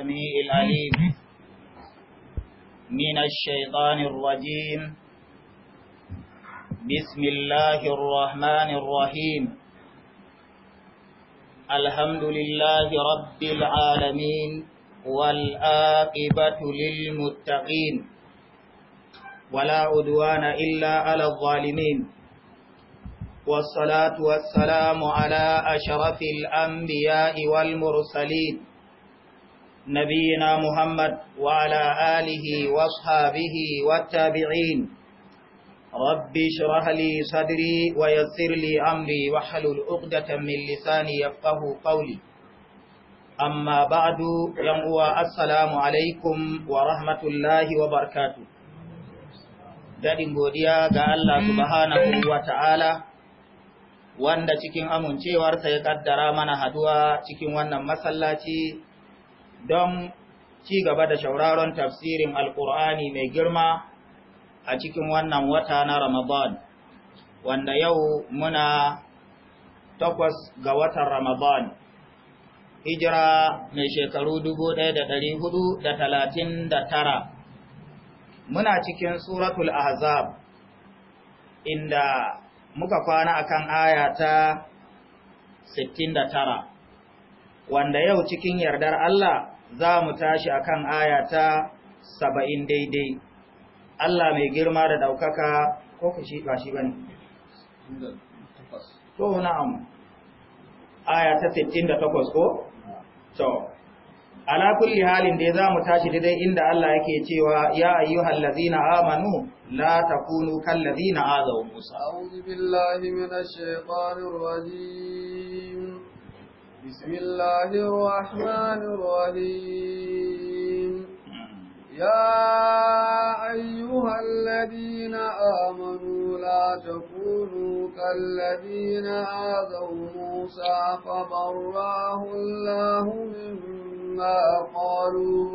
السميع العليم من الشيطان الرجيم بسم الله الرحمن الرحيم الحمد لله رب العالمين والآقبة للمتقين ولا عدوان إلا على الظالمين والصلاة والسلام على أشرف الأنبياء والمرسلين نبينا محمد وعلى آله واصحابه والتابعين رب اشرح لي صدري ويسر لي أمري واحلل عقدة من لساني يفقه قولي أما بعد يمؤى السلام عليكم ورحمة الله وبركاته Daɗin godiya ga Allah subhanahu wa ta'ala, wanda cikin amincewarsa ya ƙaddara mana haduwa cikin wannan masallaci don ci gaba da shauraron tafsirin alkur'ani mai girma a cikin wannan wata na ramadan wanda yau muna takwas ga watan ramadan hijira mai shekaru 1439 muna cikin suratul ahzab inda muka kwana akan aya ta 69 wanda yau cikin yardar Allah za mu tashi a kan ayata saba'in daidai Allah mai girma da ɗaukaka ko ku shi ba shi ba ne to na'am aya da 68 ko to ala kulli halin da za mu tashi daidai inda Allah yake cewa ya hallazi na amanu la kunu kallazi na azaw musa wuzi billahi minash shaitanir rajim بسم الله الرحمن الرحيم يا أيها الذين آمنوا لا تكونوا كالذين آذوا موسى فبراه الله مما قالوا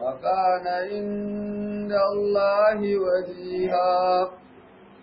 وكان عند الله وجيها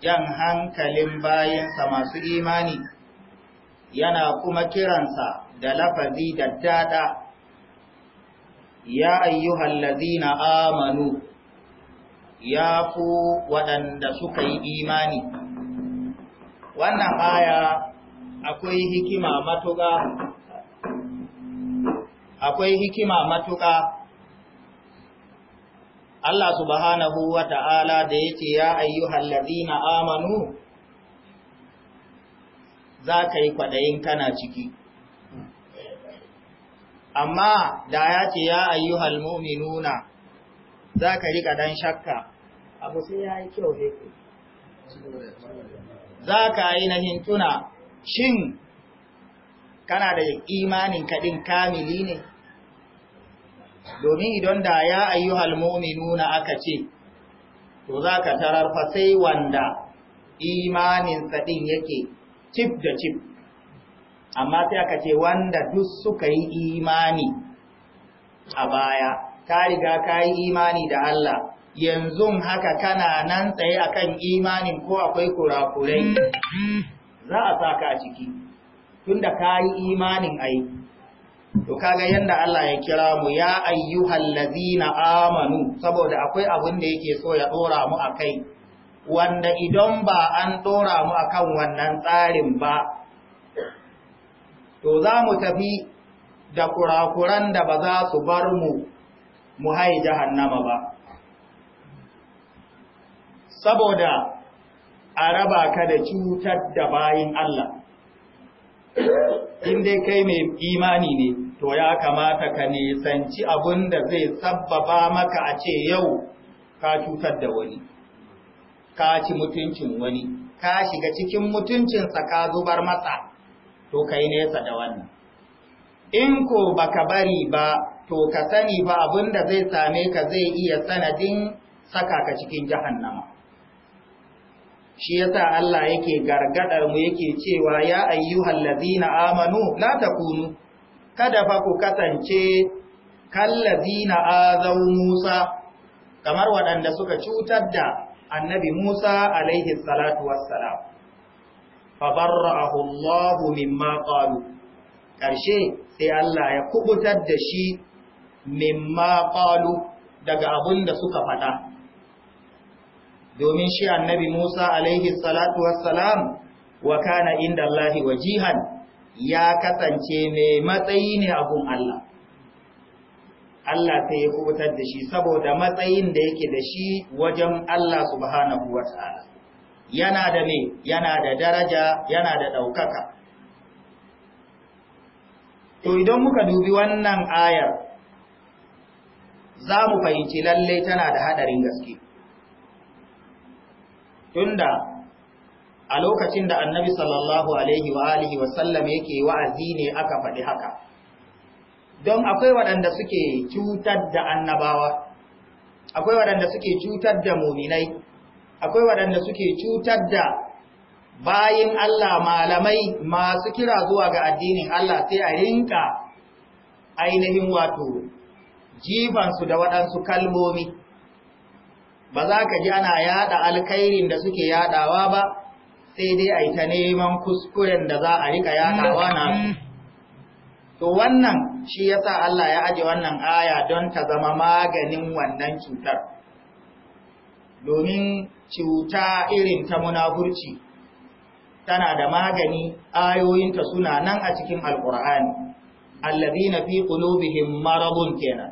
jan hankalin bayansa masu imani yana kuma kiransa da lafazi da dada ya ayyuhal lazina amanu ya ku waɗanda suka yi imani wannan aya akwai hikima matuƙa akwai hikima matuƙa Allah subhanahu wa ta'ala da yake ya ayyuhal ladina amanu za ka yi kwaɗayin kana ciki. Amma da ya ce ya ayyuhal muminuna za ka riƙa ɗan shakka, abu sai ya yi kyau ku. Za ka yi na hintuna, shin kana da imanin kaɗin kamili ne? domin idan da ya ayyuhal mu'minuna aka ce to za ka tarar fa sai wanda imaninsa ɗin yake cif da cif amma sai aka ce wanda duk suka yi imani a baya ka riga ka yi imani da Allah yanzu haka kana nan tsaye akan imanin ko akwai kurakurai za a saka a ciki tunda ka yi imanin aiki. to kaga yanda Allah ya kira mu ya ayyuhal ladina amanu saboda akwai abin da yake so ya dora mu akai wanda idan ba an dora mu akan wannan tsarin ba to za mu tafi da kurakuran da ba za su bar mu mu hai jahannama ba saboda a raba ka da cutar da bayin Allah in dai kai mai imani ne to ya kamata ka nisanci abin da zai sabbaba maka a ce yau ka cutar da wani ka ci mutuncin wani ka shiga cikin mutuncinsa ka zubar masa to ka yi nesa da wannan in ko ba ka bari ba to ka sani ba abin da zai same ka zai iya sanadin saka ka cikin jahannama shi yasa Allah yake gargadar mu yake cewa ya ayyuhallazina amanu la takunu kada fa ku kasance kallazina azau Musa kamar waɗanda suka cutar da annabi Musa alaihi salatu wassalam fa barra'ahu Allah mimma qalu karshe sai Allah ya kubutar da shi mimma qalu daga abun da suka faɗa domin shi annabi Musa alaihi salatu wassalam wa kana inda Allah wajihan ya kasance mai matsayi ne abun Allah Allah sai ya hutar da shi saboda matsayin da yake da shi wajen Allah subhanahu wa ta'ala yana da me yana da daraja yana da ɗaukaka to idan muka dubi wannan ayar za mu fahimci lallai tana da haɗarin gaske. Tunda a lokacin da annabi sallallahu alaihi wa alihi wasallam yake wa'azi ne aka faɗi haka don akwai waɗanda suke cutar da annabawa akwai waɗanda suke cutar da muminai akwai waɗanda suke cutar da bayin Allah malamai masu kira zuwa ga addinin Allah sai a rinka ainihin wato jifansu da waɗansu kalmomi ba za ka ji ana yaɗa alkairin da suke yaɗawa ba sai dai a yi ta neman kuskuren da za a rika yaɗawa na to wannan shi ya sa Allah ya aje wannan aya don ta zama maganin wannan cutar domin cuta irin ta munafurci tana da magani ayoyinta suna nan a cikin alkur'ani na fi qulubihim marabun kenan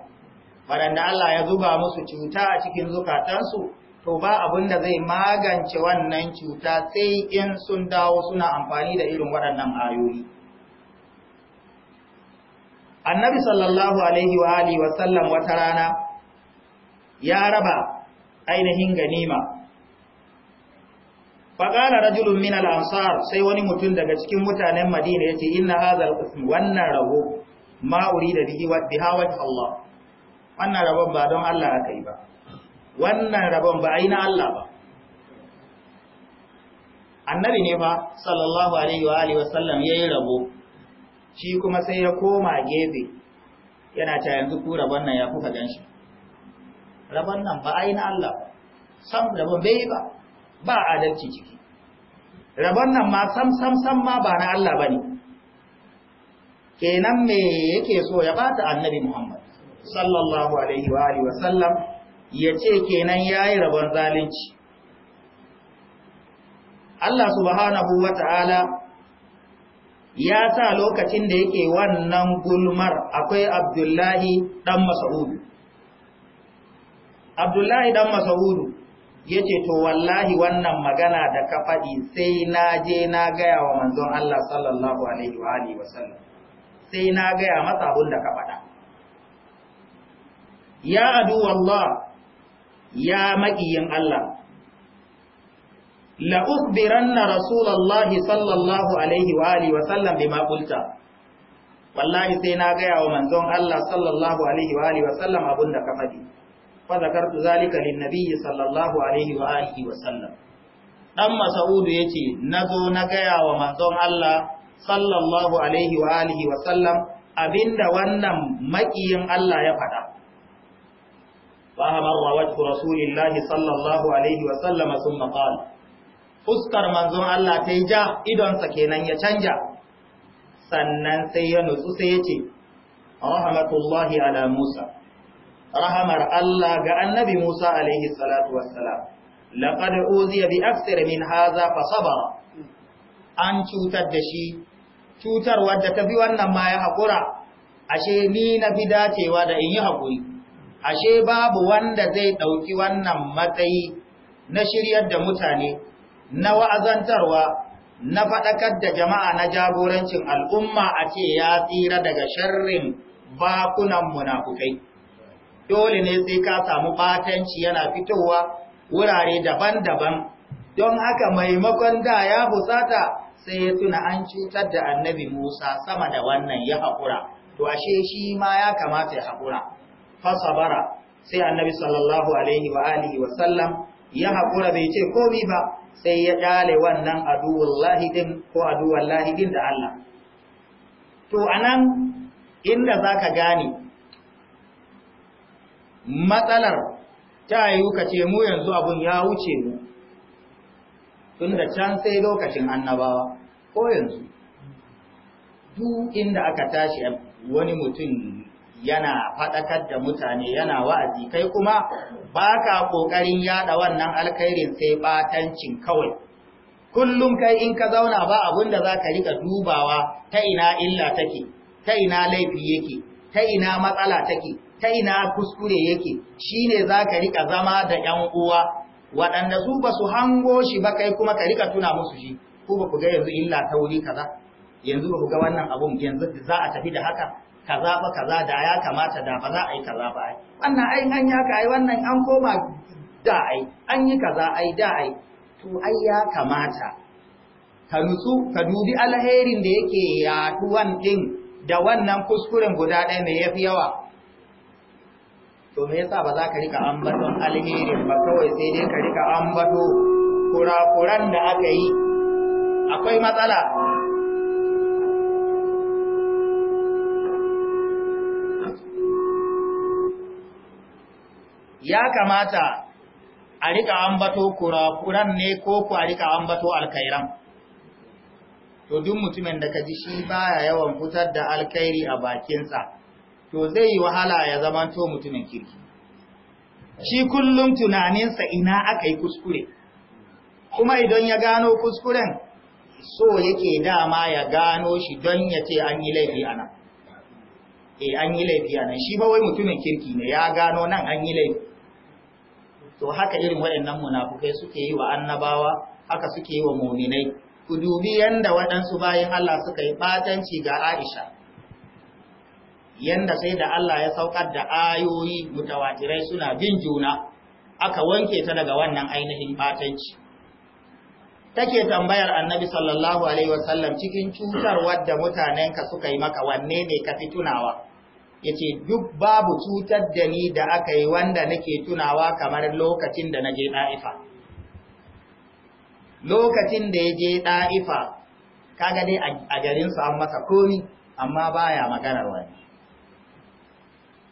waɗanda Allah ya zuba musu cuta a cikin zukatansu to ba abin da zai magance wannan cuta sai in sun dawo suna amfani da irin waɗannan ayoyi annabi sallallahu alaihi wa alihi wa sallam wata rana ya raba ainihin ganima faƙala rajulun min al sai wani mutum daga cikin mutanen madina ya ce, inna hadha al wannan rabo ma’uri da biha Allah wannan rabon ba don Allah aka yi ba wannan rabon ba a yi na Allah ba annabi ne ba sallallahu alaihi wa sallam wasallam yi rabo shi kuma sai ya koma gefe yana ta yanzu ku rabon nan ya kuka ganshi rabon nan ba a yi na Allah ba. sam rabon bai ba ba adalci ciki rabon nan ma sam sam sam ma ba na Allah ba ne. kenan me yake so ya bata annabi Muhammad sallallahu alaihi wa sallam. wasallam ya ce kenan ya yi rabon zalunci Allah subhanahu wa ta'ala ya sa lokacin da yake wannan gulmar akwai abdullahi ɗan masa'udu abdullahi ɗan masa'udu ya ce to wallahi wannan magana da ka faɗi sai na je na gaya wa manzon Allah sallallahu Alaihi wa Alaihi wasallam sai na gaya matsabun da ka faɗa. Ya adu Allah ya maƙiyin Allah la ukhbiranna rasulullahi sallallahu alaihi wa alihi wa sallam bima wallahi sai na gaya wa manzon Allah sallallahu alaihi wa alihi wa sallam da ka faɗi fa zakartu zalika linnabiyyi sallallahu alaihi wa alihi wa sallam dan Mas'ud yace nazo na gaya wa manzon Allah sallallahu alaihi wa alihi wa sallam abinda wannan makiyin Allah ya faɗa فأمر وجه رسول الله صلى الله عليه وسلم ثم قال fuskar manzon Allah ta yi ja idonsa kenan ya canja sannan sai ya nutsu sai ya ce rahmatullahi ala Musa rahamar Allah ga annabi Musa alaihi salatu wassalam laqad uziya bi aksir min haza fa sabara an cutar da shi cutar wadda ta fi wannan ma ya haƙura ashe ni na fi dacewa da in yi hakuri. ashe babu wanda zai ɗauki wannan matsayi na shiryar da mutane na wa'azantarwa na faɗakar da jama'a na jagorancin al'umma a ce ya tsira daga sharrin bakunan munafukai. Dole ne sai ka samu batanci yana fitowa wurare daban-daban, don haka maimakon da ya busata sai ya tuna an cutar da annabi Musa sama da wannan ya haƙura, to ashe shi ma ya kamata ya haƙura. fasabara sai annabi sallallahu alaihi wa alihi wa sallam ya hakura bai ce komi ba sai ya ƙyale wannan aduwallahi din ko aduwallahi din da Allah to anan inda zaka gane matsalar ta yi ka ce mu yanzu abun ya wuce mu tunda can sai lokacin annabawa ko yanzu duk inda aka tashi wani mutum yana faɗakar da mutane yana wa'azi kai kuma ba ka ƙoƙarin yaɗa wannan alkhairin sai ɓatancin kawai kullum kai in ka zauna ba abun da za ka riƙa dubawa ta ina illa take ta ina laifi yake ta ina matsala take ta ina kuskure yake shine za ka riƙa zama da ‘yan uwa waɗanda su ba su hango shi ba kai kuma ka riƙa tuna musu shi ko ba ku ga yanzu illa ta wuri kaza yanzu ba ku ga wannan abun yanzu za a tafi da haka kaza ba kaza da ya kamata da ba za a yi kaza ba ai wannan ai an ya kai wannan an koma da ai an yi kaza ai da ai to ai ya kamata ka nutsu ka dubi alherin da yake yaduwan din da wannan kuskuren guda ɗaya mai yafi yawa to me yasa ba za ka rika ambaton alherin ba kawai sai dai ka rika ambato kurakuran da aka yi akwai matsala ya kamata a rika ambato kurakuran ne ko ku a rika ambato alkairan to duk mutumin da kaji shi baya yawan fitar da alkairi a bakinsa to zai yi wahala ya zamanto mutumin kirki shi kullum tunaninsa ina aka yi kuskure kuma idan ya gano kuskuren so yake dama ya gano shi don ya ce an yi laifi ana e eh, an yi laifi ana shi ba wai mutumin kirki ne ya gano nan an yi laifi to haka irin waɗannan munafukai suke yi wa annabawa haka suke yi wa muminai ku dubi yanda waɗansu bayan Allah suka yi batanci ga Aisha yanda sai da Allah ya saukar da ayoyi mutawatirai suna bin juna aka wanke ta daga wannan ainihin batanci take tambayar annabi sallallahu alaihi wasallam cikin cutar wadda mutanenka suka yi maka wanne ne ka fi tunawa yace duk babu cutar da ni da aka yi wanda nake tunawa kamar lokacin da naje da'ifa lokacin da yaje da'ifa kaga dai a garin su an masa komi amma baya maganar wani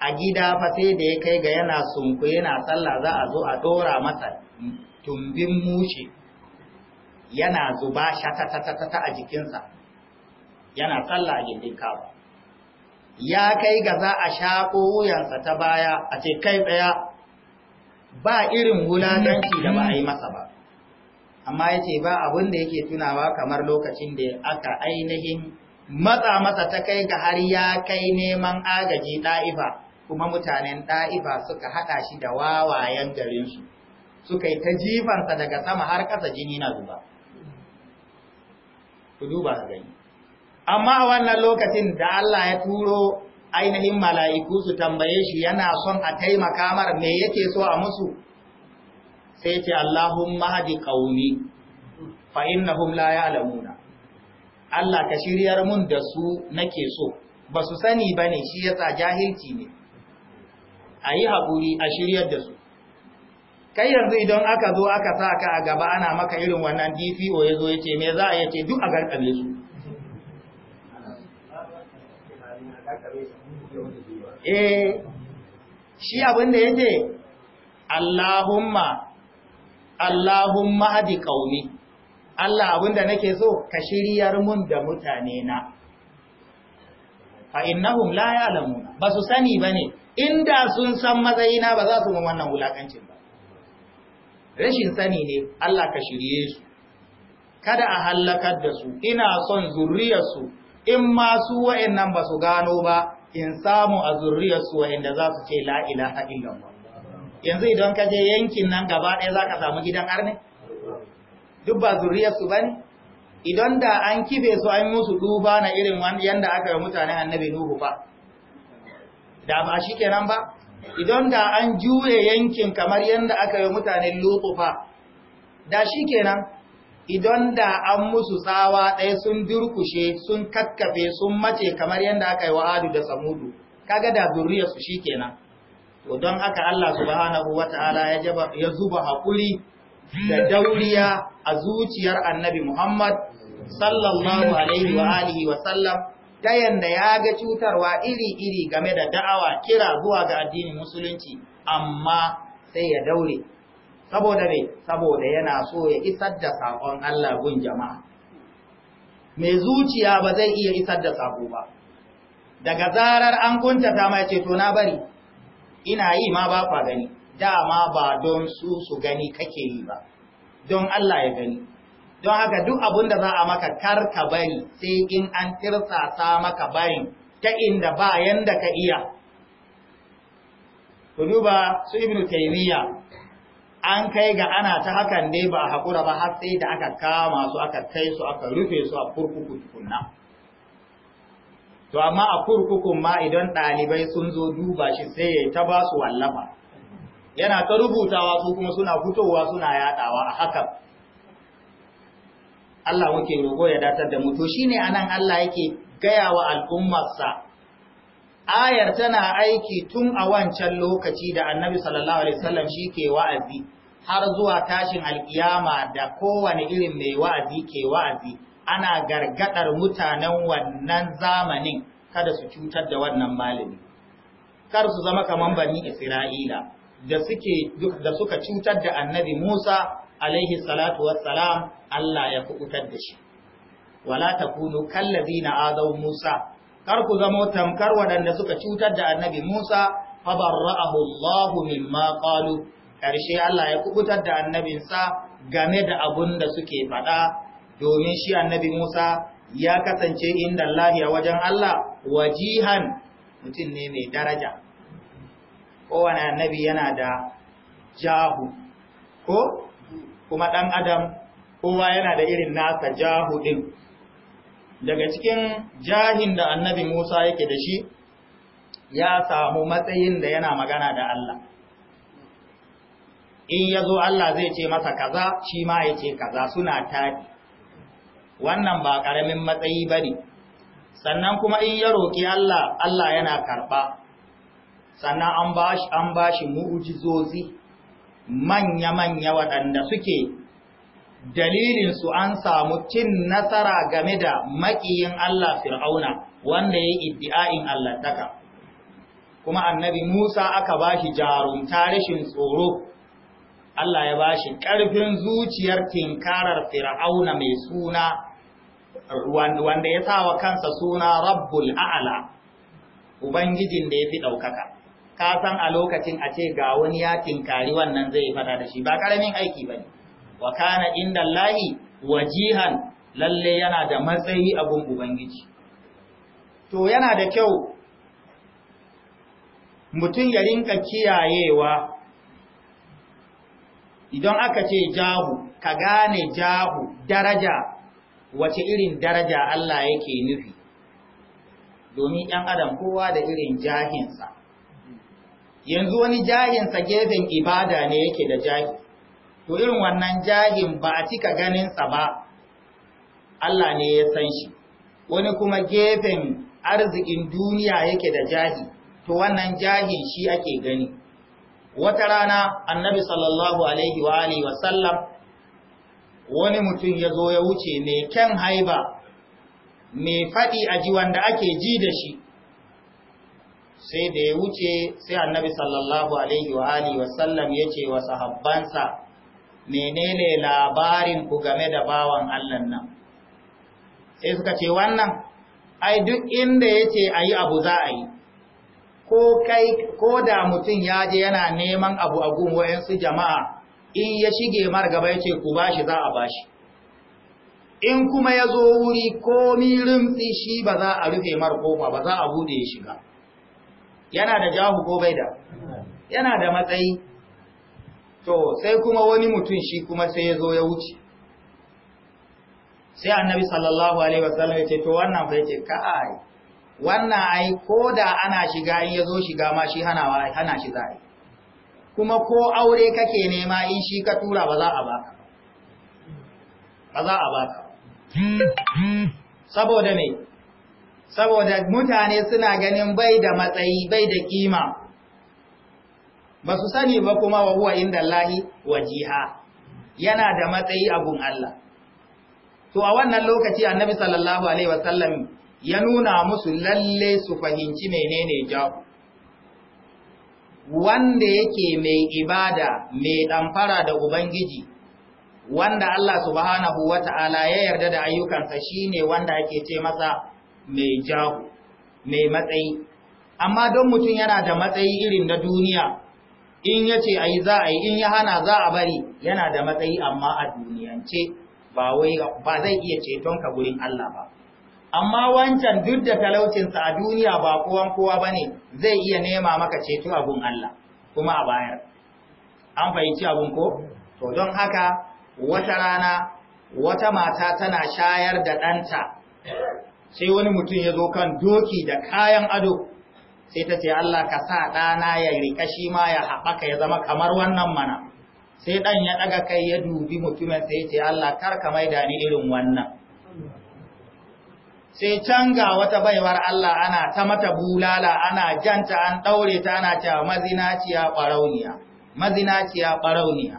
a gida fa sai da ya kai ga yana sunku yana sallah za a zo a ɗora masa tumbin mushe yana zuba shatatatata a jikinsa yana sallah a gindin kawo ya kai ga za a shaƙo wuyansa ta baya a ce kai tsaya ba irin wulaƙanci da ba a yi masa ba amma ya ce ba abin da yake tunawa kamar lokacin da aka ainihin matsa masa ta kai ga har ya kai neman agaji ɗa'ifa kuma mutanen ɗa'ifa suka haɗa shi da wawayen garinsu suka yi ta jifansa daga sama har ƙasa jini na zuba ku duba gani amma a wannan lokacin da Allah ya turo ainihin mala'iku su tambaye shi yana son a taimaka mar me yake so a musu sai ce Allahumma ƙauni fa’in na hula ya alamuna. Allah ka shiryar mun da su nake so ba su sani ba ne, shi yasa jahilci ne A yi haƙuri a shiryar da su kai yanzu idan aka zo aka sa ka a gaba ana maka irin wannan DPO ya ce me za a yace duk a garkabe su eh shi abin da yake Allahumma Allahumma hadi qaumi Allah abinda nake so ka shiryar mun da mutane na fa innahum la ya'lamuna ba su sani bane inda sun san matsayina ba za su mun wannan wulakancin ba rashin sani ne Allah ka shirye su kada a hallakar da su ina son zurriyarsu in ma su wa'annan ba su gano ba in samu a zurriyarsu wa'inda za su ce la'ila ilaha illallah yanzu idan ka je yankin nan gaba ɗaya za ka samu gidan arne duk ba zurriyarsu ba ne idan da an kife su an musu duba na irin yadda aka yi mutane annabi nuhu ba da ba shi kenan ba idan da an juye yankin kamar yadda aka yi mutanen lutu ba da shi kenan idan da an musu tsawa ɗaya sun durkushe sun kakkafe sun mace kamar yadda aka yi wa'adu da samudu kaga da su shi kenan to don aka Allah subhanahu ta'ala ya zuba haƙuri da dauriya a zuciyar annabi Muhammad sallallahu alaihi wa alihi wa sallam ta yanda ya ga cutarwa iri-iri game da da'awa kira zuwa ga addinin musulunci amma sai ya daure saboda me saboda yana so ya isar da sakon Allah gun jama'a mai zuciya ba zai iya isar da sako ba daga zarar an ta mai ce to na bari ina yi ma ba kwa gani dama ba don su su gani kake yi ba don Allah ya gani don haka duk abin da za a maka kar ka bari sai in an tirsasa maka barin ta inda ba yanda ka iya ku duba su ibnu taymiya an kai ga ana ta hakan ne ba haƙura ba har sai da aka kama su aka kai su aka rufe su a kurkuku tukunna to amma a kurkukun ma idan ɗalibai sun zo duba shi sai ya ta ba su wallafa yana ta rubutawa su kuma suna fitowa suna yaɗawa a hakan Allah muke roƙo ya datar da mu to shine anan Allah yake gaya wa al'ummarsa ayar tana aiki tun a wancan lokaci da annabi sallallahu alaihi wasallam shi ke wa'azi har zuwa tashin alkiyama da kowane irin mai wa'azi ke wa'azi ana gargadar mutanen wannan zamanin kada su cutar da wannan malami kar su zama kaman bani isra'ila da suka cutar da annabi Musa alaihi salatu wassalam Allah ya kuɓutar da shi wala takunu kallazina azau Musa kar ku zamo tamkar waɗanda suka cutar da annabi Musa fa barra'ahu Allah mimma qalu karshe Allah ya kubutar da annabinsa game da abun da suke faɗa domin shi annabi Musa ya kasance inda Allah ya wajen Allah wajihan mutum ne mai daraja kowane annabi yana da jahu ko kuma ɗan adam kowa yana da irin nasa jahu ɗin? daga cikin jahin da annabi Musa yake da shi ya samu matsayin da yana magana da Allah in ya zo Allah zai ce masa kaza shi ma ya ce kaza suna tari. wannan ba ƙaramin matsayi ba ne sannan kuma in ya roƙi Allah Allah yana karɓa sannan an ba shi mu'ujizozi manya-manya waɗanda suke dalilin su an samu cin nasara game da makiyin Allah Fir'auna wanda ya iddi'ain allahntaka. kuma annabi Musa aka bashi jarumta rashin tsoro Allah ya bashi ƙarfin zuciyar tinkarar Fir'auna mai suna wanda ya sawa kansa suna Rabbul A'la Ubangijin da ya fi ɗaukaka ka san a lokacin a ce ga wani ya tinkari wannan zai fada da shi ba ƙaramin aiki bane wa kana inda wa wajihan lalle yana da matsayi abun Ubangiji. To yana da kyau mutum ya rinka kiyayewa idan aka ce jahu, ka gane jahu daraja wace irin daraja Allah yake nufi. Domin ‘yan adam kowa da irin jahinsa, yanzu wani jahinsa gefen ibada ne yake da jahi. to irin wannan jahin ba a cika ganinsa ba Allah ne ya san shi wani kuma gefen arzikin duniya yake da jahi to wannan jahin shi ake gani wata rana annabi sallallahu alaihi wa alihi wa sallam wani mutum ya zo ya wuce ne kyan haiba mai faɗi a ji wanda ake ji da shi sai da ya wuce sai annabi sallallahu alaihi wa alihi wa sallam ya ce wa sahabbansa menene labarin ku game da bawan Allah nan sai suka ce wannan ai duk inda yace ayi abu za a yi ko kai ko da mutum ya je yana neman abu a gun su jama'a in ya shige mar gaba yace ku bashi za a bashi in kuma ya zo wuri ko rimtsi shi ba za a rufe mar kofa ba za a bude ya shiga yana da jahu ko bai da yana da matsayi to sai kuma wani mutum shi kuma sai ya zo ya wuce sai annabi sallallahu alaihi wasallam ya ce to wannan fa yake ka ai wannan ai ko da ana shiga in ya zo shiga ma shi hana wa hana shi zai kuma ko aure kake nema in shi ka tura ba za a baka ba za a baka saboda ne saboda mutane suna ganin bai da matsayi bai da kima ba su sani ba kuma wa huwa inda lahi wajiha yana da matsayi abun Allah to a wannan lokaci annabi sallallahu alaihi wasallam ya nuna musu lalle su fahimci menene jahu wanda yake mai ibada mai ɗamfara da Ubangiji, wanda Allah subhanahu wa ta'ala ya yarda da ayyukansa shi ne wanda ake ce masa mai jahu, mai matsayi. Amma don mutum yana da matsayi irin na duniya, in ya ce a za a yi in ya hana za a bari yana da matsayi amma a duniyance ba wai ba zai iya ceton ka gurin Allah ba amma wancan duk da talaucinsa a duniya ba kowan kowa ba ne zai iya nema maka ceto abun Allah kuma a bayar an fahimci abun ko to don haka wata rana wata mata tana shayar da ɗanta sai wani mutum ya zo kan doki da kayan ado sai ta ce Allah ka sa ɗana ya riƙa shi ma ya haɓaka ya zama kamar wannan mana sai ɗan ya ɗaga kai ya dubi mutumin sai ce Allah kar ka mai ni irin wannan sai can wata baiwar Allah ana ta mata bulala ana janta an ɗaure ta ana cewa mazinaciya ɓarauniya mazinaciya ɓarauniya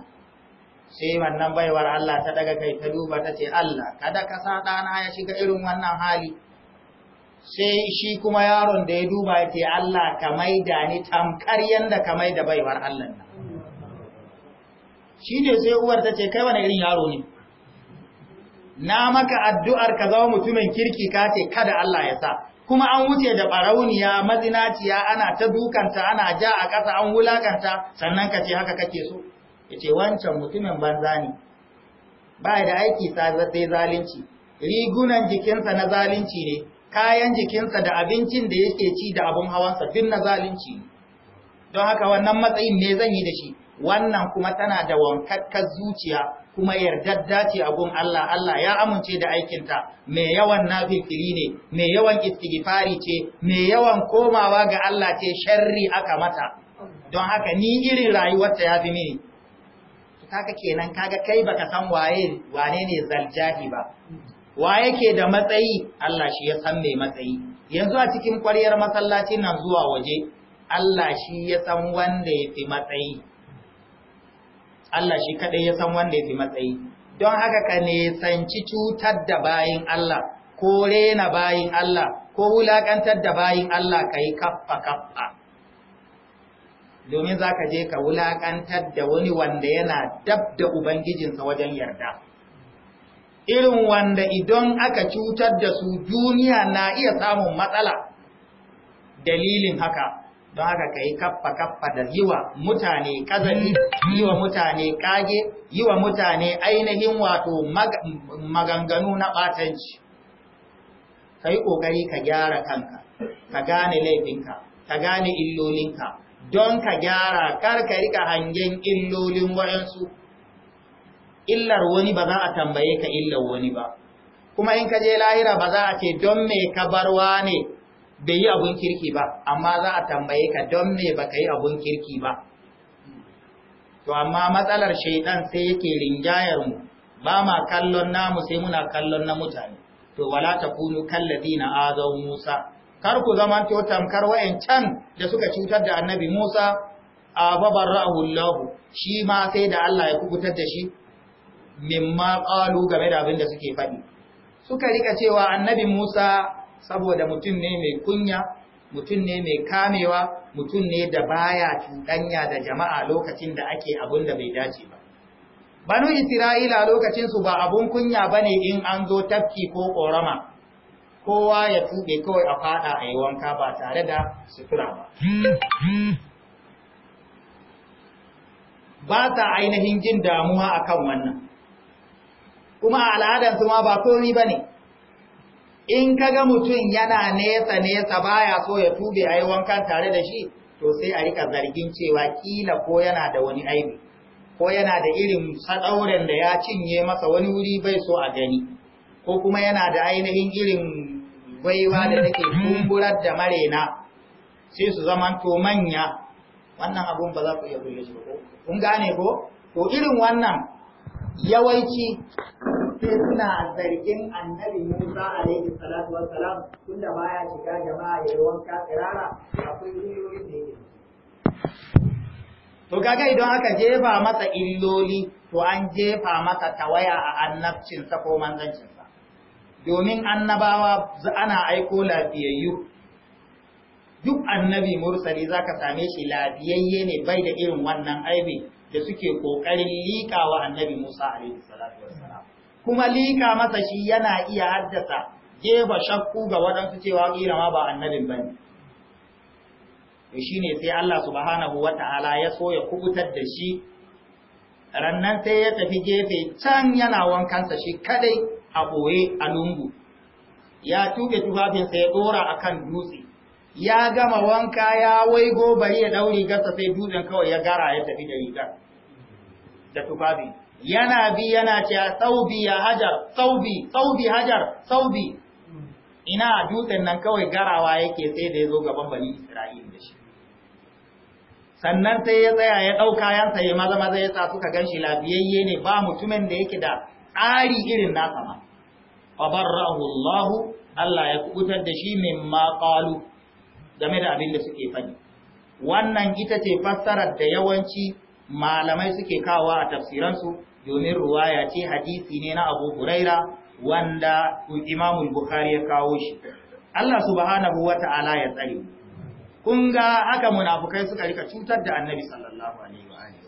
sai wannan baiwar Allah ta ɗaga kai ta duba ta ce Allah kada ka sa ɗana ya shiga irin wannan hali sai shi kuma yaron da ya duba ya ce Allah ka maida ni tamkar yanda ka maida baiwar Allah na shi ne sai uwar ta ce kai wani irin yaro ne na maka addu'ar ka zama mutumin kirki ka ce kada Allah ya sa kuma an wuce da barauniya mazinaciya ana ta dukanta ana ja a ƙasa an wulakanta sannan ka ce haka kake so ya ce wancan mutumin banza ne ba da aiki sai zalunci rigunan jikinsa na zalunci ne kayan jikinsa da abincin da yake ci da abun hawansa duk na zalunci don haka wannan matsayin ne zan yi da shi wannan kuma tana da wankakkar zuciya kuma yardar ce abun Allah Allah ya amince da aikinta mai yawan nafifiri ne mai yawan istighfari ce mai yawan komawa ga Allah ce sharri aka mata don haka ni irin rayuwarta ya fi mini kaga kenan kaga kai baka san waye wane ne zaljahi ba wa yake da matsayi Allah shi ya san mai matsayi yanzu a cikin ƙwaryar masallaci nan zuwa waje Allah shi ya san wanda ya fi matsayi Allah shi kaɗai ya san wanda ya fi matsayi don haka ka nisanci cutar da bayin Allah ko rena bayin Allah ko wulaƙantar da bayin Allah ka yi kaffa kaffa domin za ka je ka wulakantar da wani wanda yana dab da Ubangijinsa wajen yarda. irin wanda idan aka cutar da su duniya na iya samun matsala dalilin haka don haka ka yi kaffa-kaffa da yi wa mutane yi wa mutane kage wa mutane ainihin wato maganganu na batanci ka yi ƙoƙari ka gyara kanka ka gane laifinka ka gane illolinka don ka gyara kar ka rika hangen illolin wayansu illar wani ba za a tambaye ka illar wani ba kuma in ka je lahira ba za a ce don me ka barwa ne bai yi abun kirki ba amma za a tambaye ka don me ba ka yi abun kirki ba to amma matsalar shaidan sai yake rinjayar mu ba ma kallon namu sai muna kallon na mutane to wala ta takunu na azau musa kar ku zama to tamkar wayancan da suka cutar da annabi musa a babar allah shi ma sai da allah ya kubutar da shi mimma qalu game da abin da suke faɗi suka rika cewa annabi Musa saboda mutum ne mai kunya mutum ne mai kamewa mutum ne da baya cuɗanya da jama'a lokacin da ake abin da bai dace ba banu isra'ila lokacinsu ba abun kunya ba ne in an zo tafki ko ƙorama. kowa ya tube kawai a faɗa a yi wanka ba tare da sutura ba ba ta ainihin jin damuwa akan wannan kuma al'adansu ma ba komi ba ne in kaga mutum yana nesa nesa baya so ya tube a yi wankan tare da shi to sai a rika zargin cewa kila ko yana da wani aibi ko yana da irin sadauren da ya cinye masa wani wuri bai so a gani ko kuma yana da ainihin irin gwaiwa da take kumburar da marena sai su zama to manya wannan abun ba za ku iya kulle shi ba kun gane ko to irin wannan yawanci sai suna zargin annabi Musa alaihi salatu wassalam tunda baya shiga jama'a ya yi wanka tsirara akwai riyoyin da yake To kaga idan aka jefa masa illoli to an jefa masa tawaya a annabcinsa ko manzancinsa. Domin annabawa ana aiko lafiyayyu. Duk annabi mursali za ka same shi lafiyayye ne bai da irin wannan aibin da suke ƙoƙarin liƙawa annabi Musa alaihi salatu wassalam kuma liƙa masa shi yana iya haddasa jefa shakku ga wadansu cewa ƙira ma ba annabin bane to shine sai Allah subhanahu wata'ala ya so ya kubutar da shi rannan sai ya tafi gefe can yana wankan sa shi kadai a ɓoye a lungu ya tuƙe tufafinsa ya ɗora akan dutse ya gama wanka ya waigo bari ya ɗau rigarsa sai dutsen kawai ya gara ya tafi da rigar da tufafi yana bi yana ce saubi ya hajar saubi saubi hajar saubi ina dutsen nan kawai garawa yake sai da ya zo gaban bani isra'il da shi sannan sai ya tsaya ya ɗau kayansa ya maza maza ya sa suka gan shi lafiyayye ne ba mutumin da yake da tsari irin nasa ma fa Allah Allah ya kubutar da shi mimma qalu game da abin da suke fadi wannan ita ce fassarar da yawanci malamai suke kawo a tafsiransu domin ruwaya ce hadisi ne na abu huraira wanda imamul bukhari ya kawo shi Allah subhanahu wa ta'ala ya tsare kun ga haka munafukai suka rika cutar da annabi sallallahu alaihi wa alihi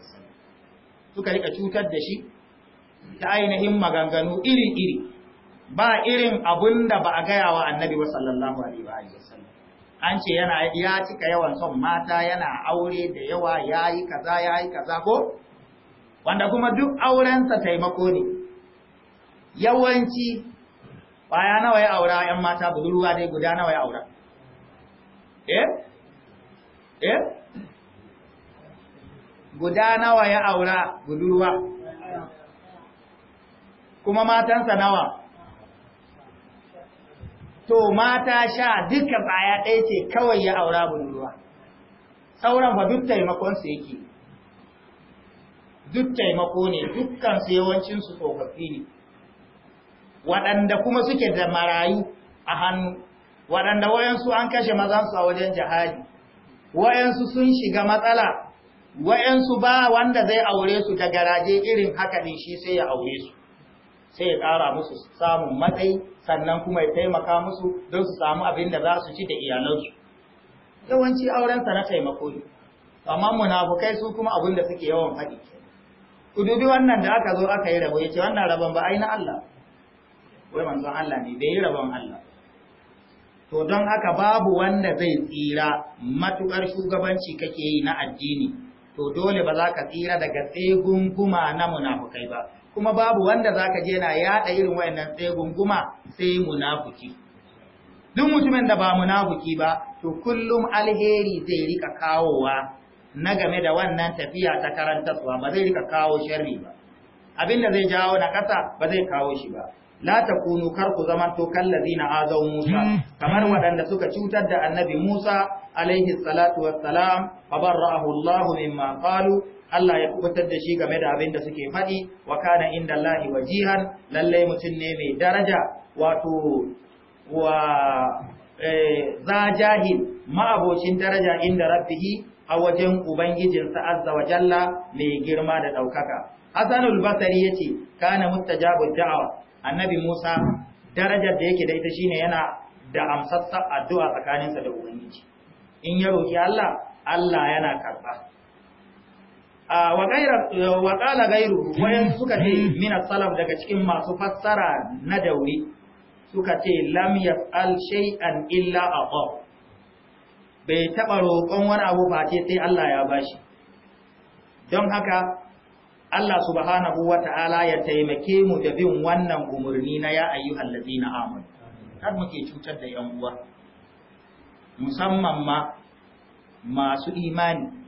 suka rika cutar da shi ta ainihin maganganu iri-iri ba irin abun ba a gaya wa annabi sallallahu alaihi wa alihi an ce yana ya cika yawan son mata yana aure da yawa ya yi kaza ya yi kaza ko wanda kuma duk aurensa taimako ne yawanci baya nawa ya aura ‘yan mata budurwa dai guda nawa ya aura eh eh guda nawa ya aura budurwa kuma matansa nawa to mata sha duka baya ɗaya ce kawai ya aura budurwa sauran fa duk taimakon su yake duk taimako ne dukkan su yawancin su tsofaffi ne waɗanda kuma suke da marayu a hannu waɗanda wayansu an kashe mazansu a wajen jihadi wayansu sun shiga matsala wayansu ba wanda zai aure su da garaje irin haka ne shi sai ya aure su sai ya tsara musu samun matsayi sannan kuma ya taimaka musu don su samu abin da za su ci da iyalansu yawanci aurensa na taimako ne amma munafukai su kuma abin da suke yawan faɗi ku dubi wannan da aka zo aka yi rabo ya ce wannan rabon ba ai na Allah wai manzo Allah ne bai yi rabon Allah to don haka babu wanda zai tsira matukar shugabanci kake yi na addini to dole ba za ka tsira daga tsegunguma na munafukai ba kuma babu wanda za ka je na yaɗa irin wayannan tsegunguma sai munafuki duk mutumin da ba munafuki ba to kullum alheri zai rika kawowa na game da wannan tafiya ta karantarwa ba zai rika kawo sharri ba abin da zai jawo na ƙasa ba zai kawo shi ba la kunu kar ku zaman to kallazina Azau Musa mm. kamar waɗanda suka cutar da annabi Musa alaihi salatu wassalam fa barra'ahu mimma qalu Allah ya kubutar da shi game da abin da suke faɗi wa kana inda Allahi jihar lalle mutum ne mai daraja wato wa eh, za jahil ma'abocin daraja inda rabbihi a wajen ubangijinsa azza wa jalla mai girma da ɗaukaka Hassanul basari ce kana jabu da'awa annabi Musa darajar da yake da ita shine yana da amsassa addu'a tsakaninsa da ubangiji in ya roƙi Allah Allah yana karɓa. Ah, wa ƙala gairu wayan suka ce mina salaf daga cikin masu fassara na dauri suka ce lam yaf'al shay'an illa aqab bai taɓa roƙon wani abu face sai Allah ya bashi don haka Allah subhanahu wata'ala ya taimake mu da bin wannan umarni na ya ayyuhal na amanu kar muke cutar da yan uwa musamman ma masu imani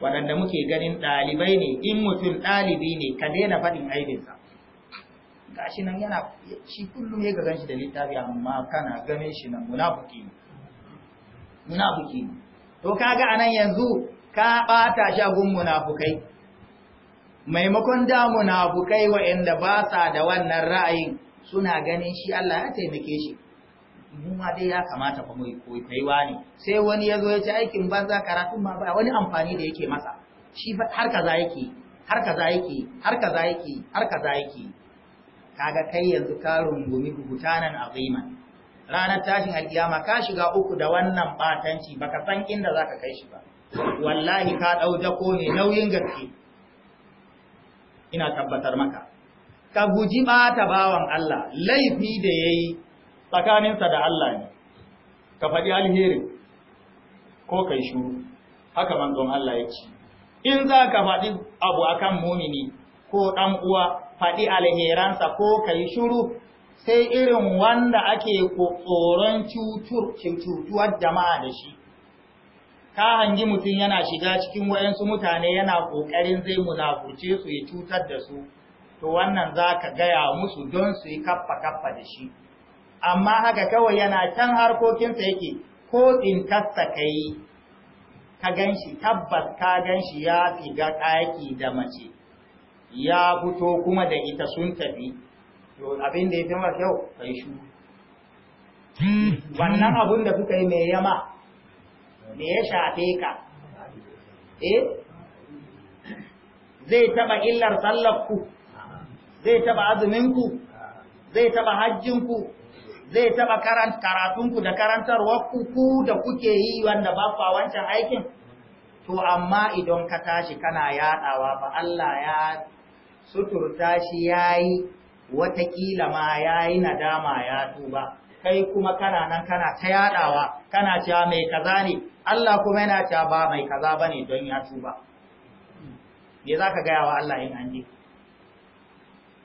waɗanda muke ganin ɗalibai ne in mutum ɗalibi ne ka daina faɗin aibinsa shi nan yana shi kullum ya gagan shi da littafi amma kana ganin shi nan munafuki ne munafuki ne to kaga anan yanzu ka ɓata shi abun munafukai maimakon da munafukai waɗanda ba sa da wannan ra'ayin suna ganin shi Allah ya taimake shi mu ma dai ya kamata fa mu koyi ne sai wani ya zo ya ci aikin banza karatun ma ba wani amfani da yake masa shi har kaza yake har kaza yake har kaza yake har kaza yake kaga kai yanzu ka rungumi hutanan aziman ranar tashin alkiyama ka shiga uku da wannan batanci baka san inda zaka kai shi ba wallahi ka dau dako ne nauyin gaske ina tabbatar maka ka guji bata bawan Allah laifi da yayi tsakaninsa da Allah ne ka faɗi alherin ko kai shuru haka manzon Allah ya ce in za ka faɗi abu akan mumini ko ɗan uwa faɗi alheransa ko kai shuru sai irin wanda ake tsoron cutuwar jama'a da shi ka hangi mutum yana shiga cikin wayansu mutane yana ƙoƙarin zai munafurce su ya cutar da su to wannan za ka gaya musu don su yi kaffa kaffa da shi amma haka kawai yana can harkokinsa yake ko tsinkasta ka yi ka gan shi tabbas ka gan shi ya ga ɗaki da mace ya fito kuma da ita sun tafi to abin da ya fi yau, kyau kai shu wannan abin da kuka yi mai yama me ya shafe ka eh zai taɓa illar sallar ku? zai taɓa ku? zai taɓa ku? zai taɓa karatunku da karantarwar ku da kuke yi wanda ba ku wancan aikin to amma idan ka tashi kana yaɗawa ba Allah ya suturta shi ya yi watakila ma ya yi nadama ya tuba kai kuma kana nan kana ta yaɗawa kana cewa mai kaza ne Allah kuma yana cewa ba mai kaza ba ne don ya tuba me za ka gaya wa Allah yin an je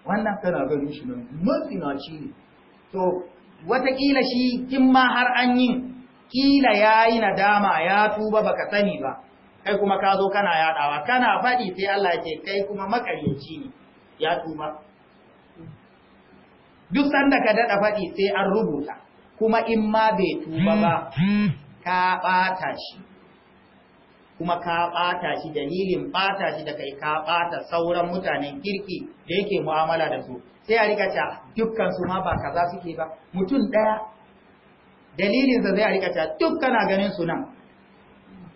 wannan kana ganin shi nan ci ne to wataƙila shi kin ma har an yi ƙila ya yi nadama ya tuba baka sani ba kai kuma ka zo kana yaɗawa kana faɗi sai Allah ce kai kuma makaryaci ne ya tuba duk sanda ka daɗa faɗi sai an rubuta kuma in ma bai tuba ba ka ɓata shi kuma ka ɓata shi dalilin ɓata shi da kai ka ɓata sauran mutanen kirki da yake mu'amala da su sai a rika ta dukkan su ma ba kaza suke ba mutum ɗaya dalilin sa zai a rika ta dukkan ganin su nan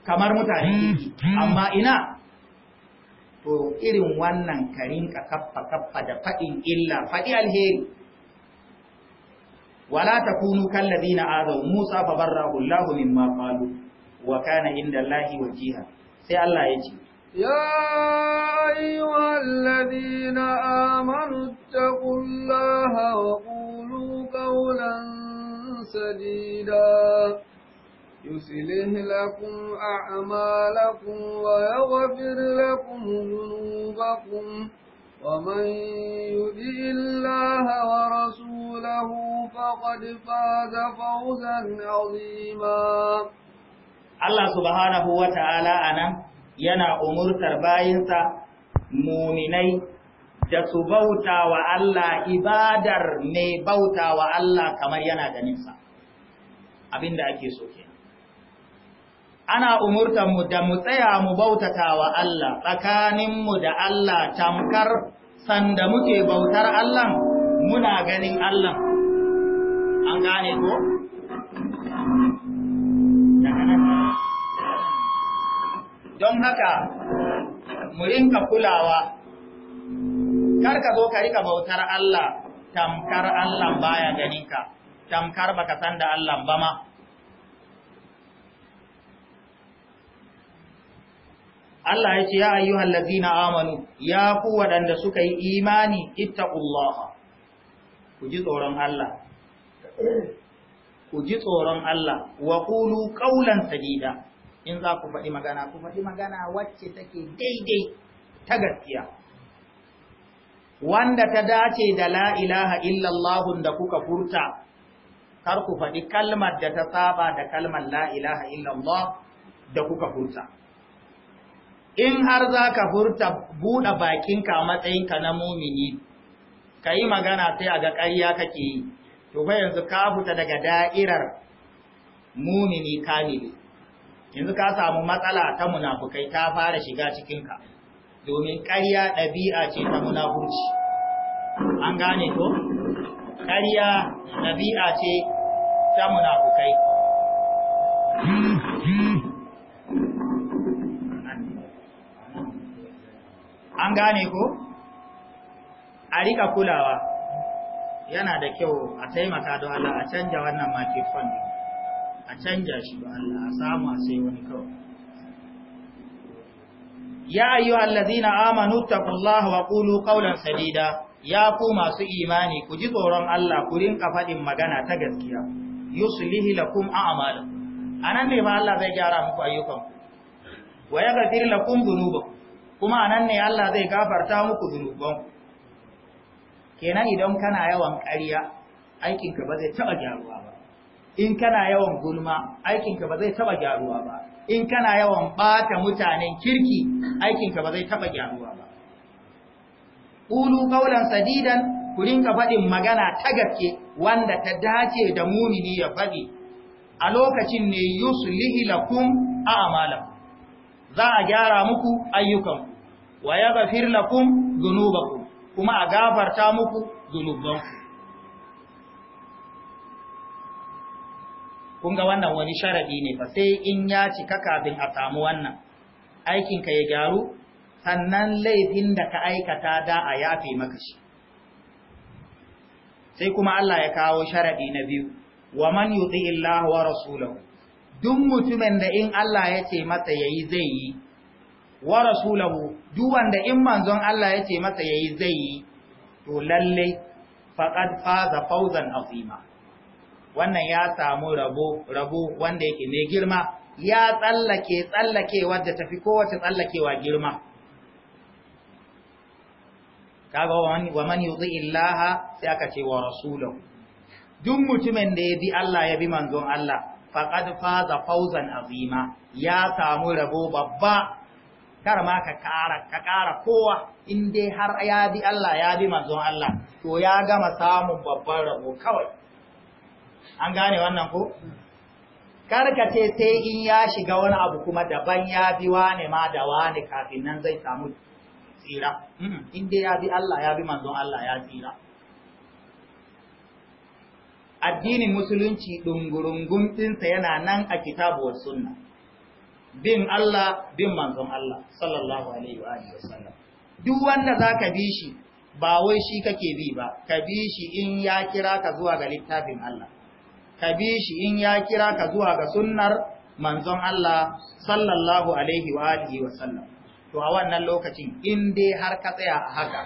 kamar mutanen kirki amma ina to irin wannan ka kaffa kaffa da faɗin illa faɗi alheri wala takunu na aro musa fa barra allahu mimma qalu wa kana inda Allahi wajiha sai Allah ya ce Ya ayyuhu alladhi na amanu taqullaha wa qulu qawlan sadida yuslih lakum a'malakum wa yaghfir lakum dhunubakum wa man yud'i Allaha wa rasulahu faqad faza fawzan Allah subhanahu wa ta'ala a nan yana umurtar bayinsa muminai da su bauta wa Allah ibadar mai bauta wa Allah kamar yana ganinsa abinda ake so ke ana umurtar mu da mu tsaya mu bautata wa Allah tsakaninmu da Allah tamkar sanda muke bautar Allah muna ganin Allah an gane ko? don haka mu rinka kulawa kar ka zo ka rika bautar Allah tamkar Allah baya ganinka tamkar baka san da Allah ba ma Allah ya ce ya ayyuhal ladina amanu ya ku waɗanda suka yi imani ittaqullah ku ji tsoron Allah ku ji tsoron Allah wa qulu qawlan sadida in za ku faɗi magana ku faɗi magana wacce take daidai ta gaskiya wanda ta dace da la'ilaha ilaha illallahun da kuka furta kar ku faɗi kalmar da ta saba da kalmar la illallah da kuka furta in har za ka furta buɗe bakinka matsayinka na mumini ka yi magana sai a ga ƙarya kake yi to fa yanzu ka fita daga da'irar mumini kamili yanzu ka samu matsala ta munafukai ta fara shiga cikinka domin ƙarya ɗabi'a ce ta munafurci an gane to ƙarya ɗabi'a ce ta munafukai an gane ko a rika kulawa yana da kyau a taimaka don Allah a canja wannan makifon din a canja shi ba Allah a samu a sai wani kawai ya ayyu allazina amanu taqullaha wa qulu qawlan sadida ya ku masu imani ku ji tsoron Allah ku rinka faɗin magana ta gaskiya yuslihu lakum a'malu anan ne ma Allah zai gyara muku ayyukanku wa yaghfir lakum dhunubakum kuma anan ne Allah zai gafarta muku dhunubanku kenan idan kana yawan ƙarya aikinka ba zai taɓa gyaruwa ba in kana yawan gulma aikinka ba zai taba gyaruwa ba in kana yawan bata mutanen kirki aikinka ba zai taba gyaruwa ba qulu qawlan sadidan ku rinka fadin magana ta gaske wanda ta dace da mumini ya fadi a lokacin ne yuslihi lakum a'malakum za a gyara muku ayyukanku wa yaghfir lakum dhunubakum kuma a gafarta muku dhunubanku kun ga wannan wani sharadi ne fa sai in ya cika kafin a samu wannan aikinka ya gyaru sannan laifin da ka aikata da a yafe maka shi sai kuma Allah ya kawo sharadi na biyu wa man yuti illahu wa rasulahu duk mutumin da in Allah ya ce masa yayi zai yi wa rasulahu duk wanda in manzon Allah ya ce masa yayi zai yi to lalle faqad faza fawzan azima wannan ya samu rabo rabo wanda yake mai girma ya tsallake tsallake wadda tafi kowace tsallakewa girma kaga wa man yuzi illaha sai aka ce wa rasulun duk mutumin da ya bi Allah ya bi manzon Allah faqad faza fawzan azima ya samu rabo babba kar ma ka kara ka kara kowa in dai har ya bi Allah ya bi manzon Allah to ya gama samun babban rabo kawai an gane wannan ko karkace sai in ya shiga wani abu kuma daban ya bi wane ma da wane kafin nan zai samu tsira hmm, in dai ya bi Allah ya bi manzon Allah ya tsira addinin musulunci dungurungun ɗinsa yana nan a kitabuwar sunna bin Allah bin manzon Allah sallallahu alaihi wa alihi wasallam duk wanda zaka bi shi ba wai shi kake bi ba ka bi shi in ya kira ka zuwa ga littafin Allah ka bi shi in ya kira ka zuwa ga sunnar manzon Allah sallallahu alaihi wa alihi wa sallam to a wannan lokacin in dai har ka tsaya a haka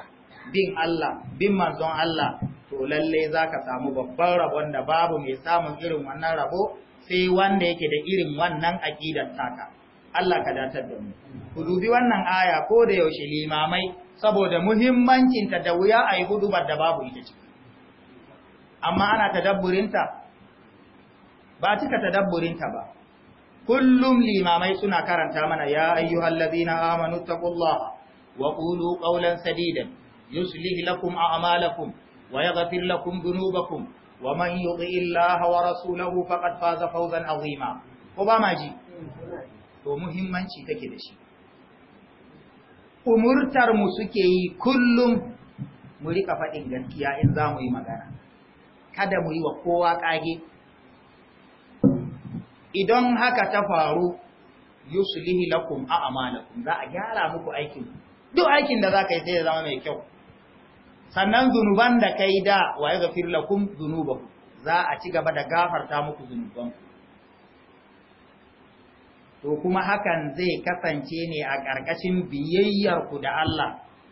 bin Allah bin manzon Allah to lalle zaka samu babban rabo da babu mai samun irin wannan rabo sai wanda yake da irin wannan aqidar taka Allah ka datar da mu ku dubi wannan aya ko da yaushe limamai saboda muhimmancinta da wuya a yi hudubar da babu ita ce amma ana tadabburinta ba cika tadabburinta ba kullum limamai suna karanta mana ya ayyuhal ladina amanu taqullaha wa qulu qawlan sadidan yuslih lakum a'malakum wa yaghfir lakum dhunubakum wa man yuti illaha wa rasulahu faqad faza fawzan azima ko ba ma ji to muhimmanci take da shi umurtar mu suke yi kullum mu rika faɗin gaskiya in za mu yi magana kada mu yi wa kowa ƙage idan haka ta faru yuslihi lakum a'malakum za a gyara muku aikin duk aikin da zaka yi sai ya zama mai kyau sannan zunuban da kai da wa yaghfir lakum dhunubakum za a ci gaba da gafarta muku zunubanku to kuma hakan zai kasance ne a ƙarƙashin biyayyarku da Allah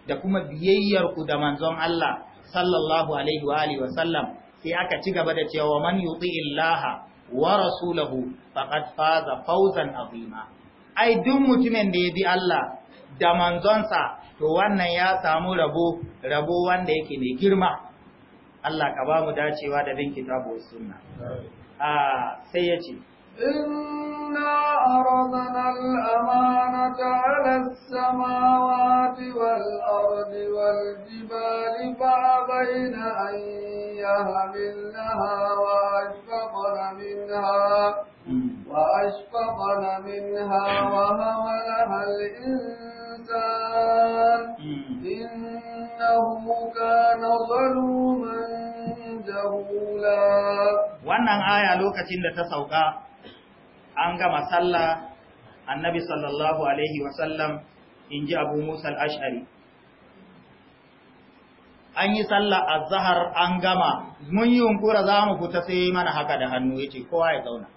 da kuma biyayyarku da manzon Allah sallallahu alaihi wa alihi wa sallam sai aka ci gaba da cewa man yuti illaha wa rasulahu faqad faza fawzan azima ai duk mutumin da ya bi Allah da manzonsa to wannan ya samu rabo rabo wanda yake mai girma Allah ka ba mu dacewa da bin kitabu sunna a ah, sai yace إنا عرضنا الأمانة على السماوات والأرض والجبال فأبين أن يهملنها وأشفقن منها وأشفقن منها وهملها الإنسان إنه كان ظلوما جهولا. وأنا آية لوكة ta sauka an gama sallah annabi sallallahu alaihi wasallam in ji abu musa Al-Ashari. an yi sallah a zahar an gama mun yi yunkura za mu fita sai mana haka da hannu ya ce kowa ya zauna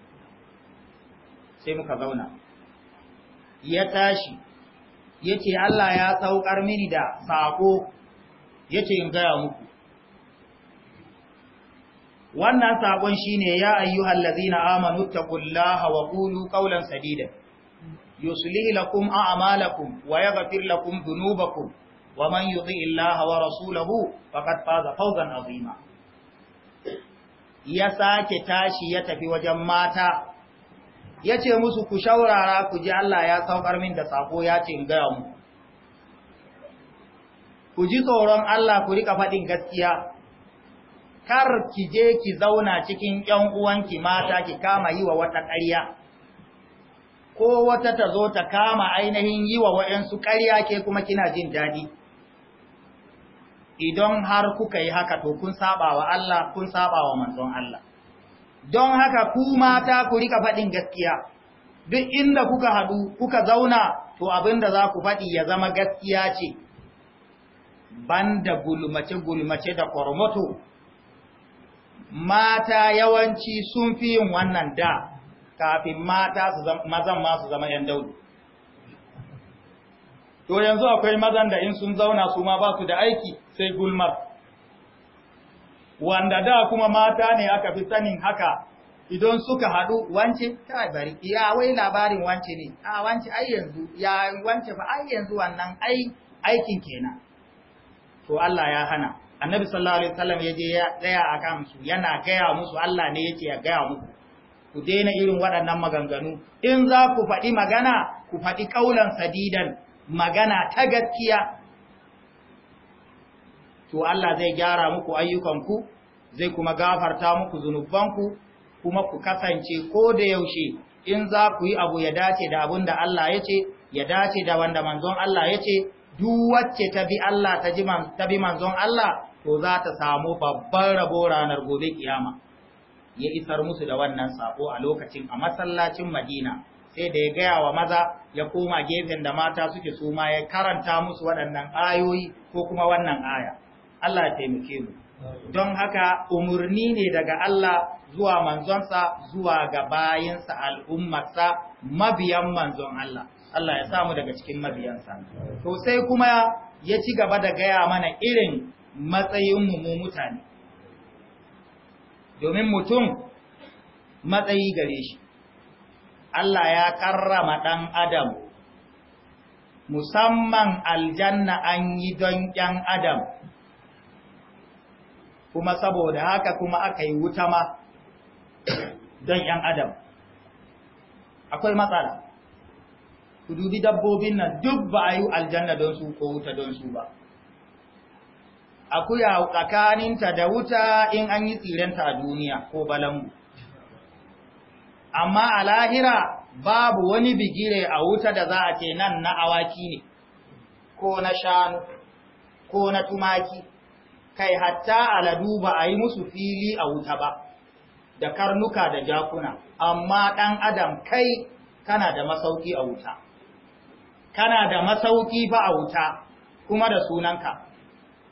sai muka zauna ya tashi ya ce allah ya saukar mini da sako ya ce in gaya muku wannan sakon shine ya ayyuhal ladzina amanu taqullaha wa qulu qawlan sadida yuslih lakum a'malakum wa yaghfir lakum dhunubakum wa man yuti illaha wa rasulahu faqad faza fawzan azima ya sake tashi ya tafi wajen mata yace musu ku shaurara ku ji Allah ya saukar min da sako ya ce ga mu ku ji tsoron Allah ku rika faɗin gaskiya kar ki je ki zauna cikin ƴan uwanki mata ki kama yi wa wata ƙarya ko wata ta zo ta kama ainihin yi wa waɗansu ƙarya ke kuma kina jin daɗi idan har kuka yi haka to kun saba wa Allah kun saba wa manzon Allah don haka ku mata ku rika faɗin gaskiya duk inda kuka haɗu kuka zauna to abinda za ku faɗi ya zama gaskiya ce banda gulmace-gulmace da kormoto mata yawanci sun fi yin wannan da kafin mata mazan masu zama ‘yan daudi, To yanzu akwai mazan da in sun zauna su ma ba su da aiki sai gulmar. Wanda da kuma mata ne aka fi sanin haka idan suka haɗu wance kai bari ya wai labarin wance ne a wance ai yanzu ya wance fa ai yanzu wannan ai aikin kenan to Allah ya hana annabi sallallahu alaihi wasallam ya je ya tsaya a su yana gaya musu Allah ne yake ya gaya muku ku daina irin waɗannan maganganu in za ku faɗi magana ku faɗi kaulan sadidan magana ta gaskiya to Allah zai gyara muku ayyukanku zai kuma gafarta muku zunubanku kuma ku kasance ko da yaushe in za ku yi abu ya dace da abin da Allah ya ce ya dace da wanda manzon Allah ya ce duk wacce ta bi Allah ta bi manzon Allah to za ta samu babban rabo ranar gobe kiyama ya isar musu da wannan sako a lokacin a masallacin Madina sai da ya gaya wa maza ya koma gefen da mata suke su ma ya karanta musu waɗannan ayoyi ko kuma wannan aya Allah ya taimake mu don haka umurni ne daga Allah zuwa manzonsa zuwa ga bayinsa al'ummarsa mabiyan manzon Allah Allah ya samu daga cikin mabiyansa to sai kuma ya ci gaba da gaya mana irin matsayinmu mu mutane domin mutum matsayi gare shi Allah ya karrama ɗan adam musamman aljanna an yi don ƴan adam kuma saboda haka kuma aka yi wuta ma don ‘yan adam akwai matsala ku dubi dabbobin nan duk ba a yi aljanna don su ko wuta don su ba akuya tsakaninta da wuta in an yi tsirenta a duniya ko balangu amma a lahira babu wani bigire a wuta da za a ce nan na awaki ne ko na shanu ko na tumaki kai hatta aladu ba a yi musu fili a wuta ba da karnuka da jakuna amma ɗan adam kai kana da masauki a wuta kana da masauki fa a wuta kuma da sunanka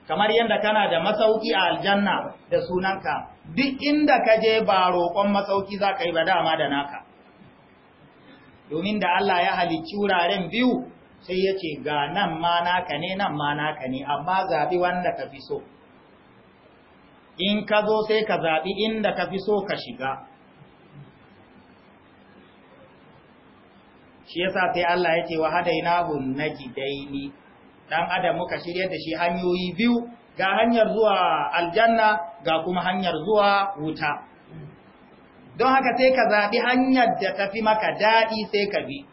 kamar yadda kana da masauki a aljanna da sunanka duk inda ka je ba roƙon masauki za ka yi ba dama da naka domin da Allah ya halicci wuraren biyu sai ya ga nan ma naka ne nan ma naka ne amma zaɓi wanda ka fi so in ka zo sai ka zaɓi inda ka fi so ka shiga shi yasa sai Allah ya ce wa hadainahun najidaini dan adam muka shirye da shi hanyoyi biyu ga hanyar zuwa aljanna ga kuma hanyar zuwa wuta don haka sai ka zaɓi hanyar da tafi maka daɗi sai ka bi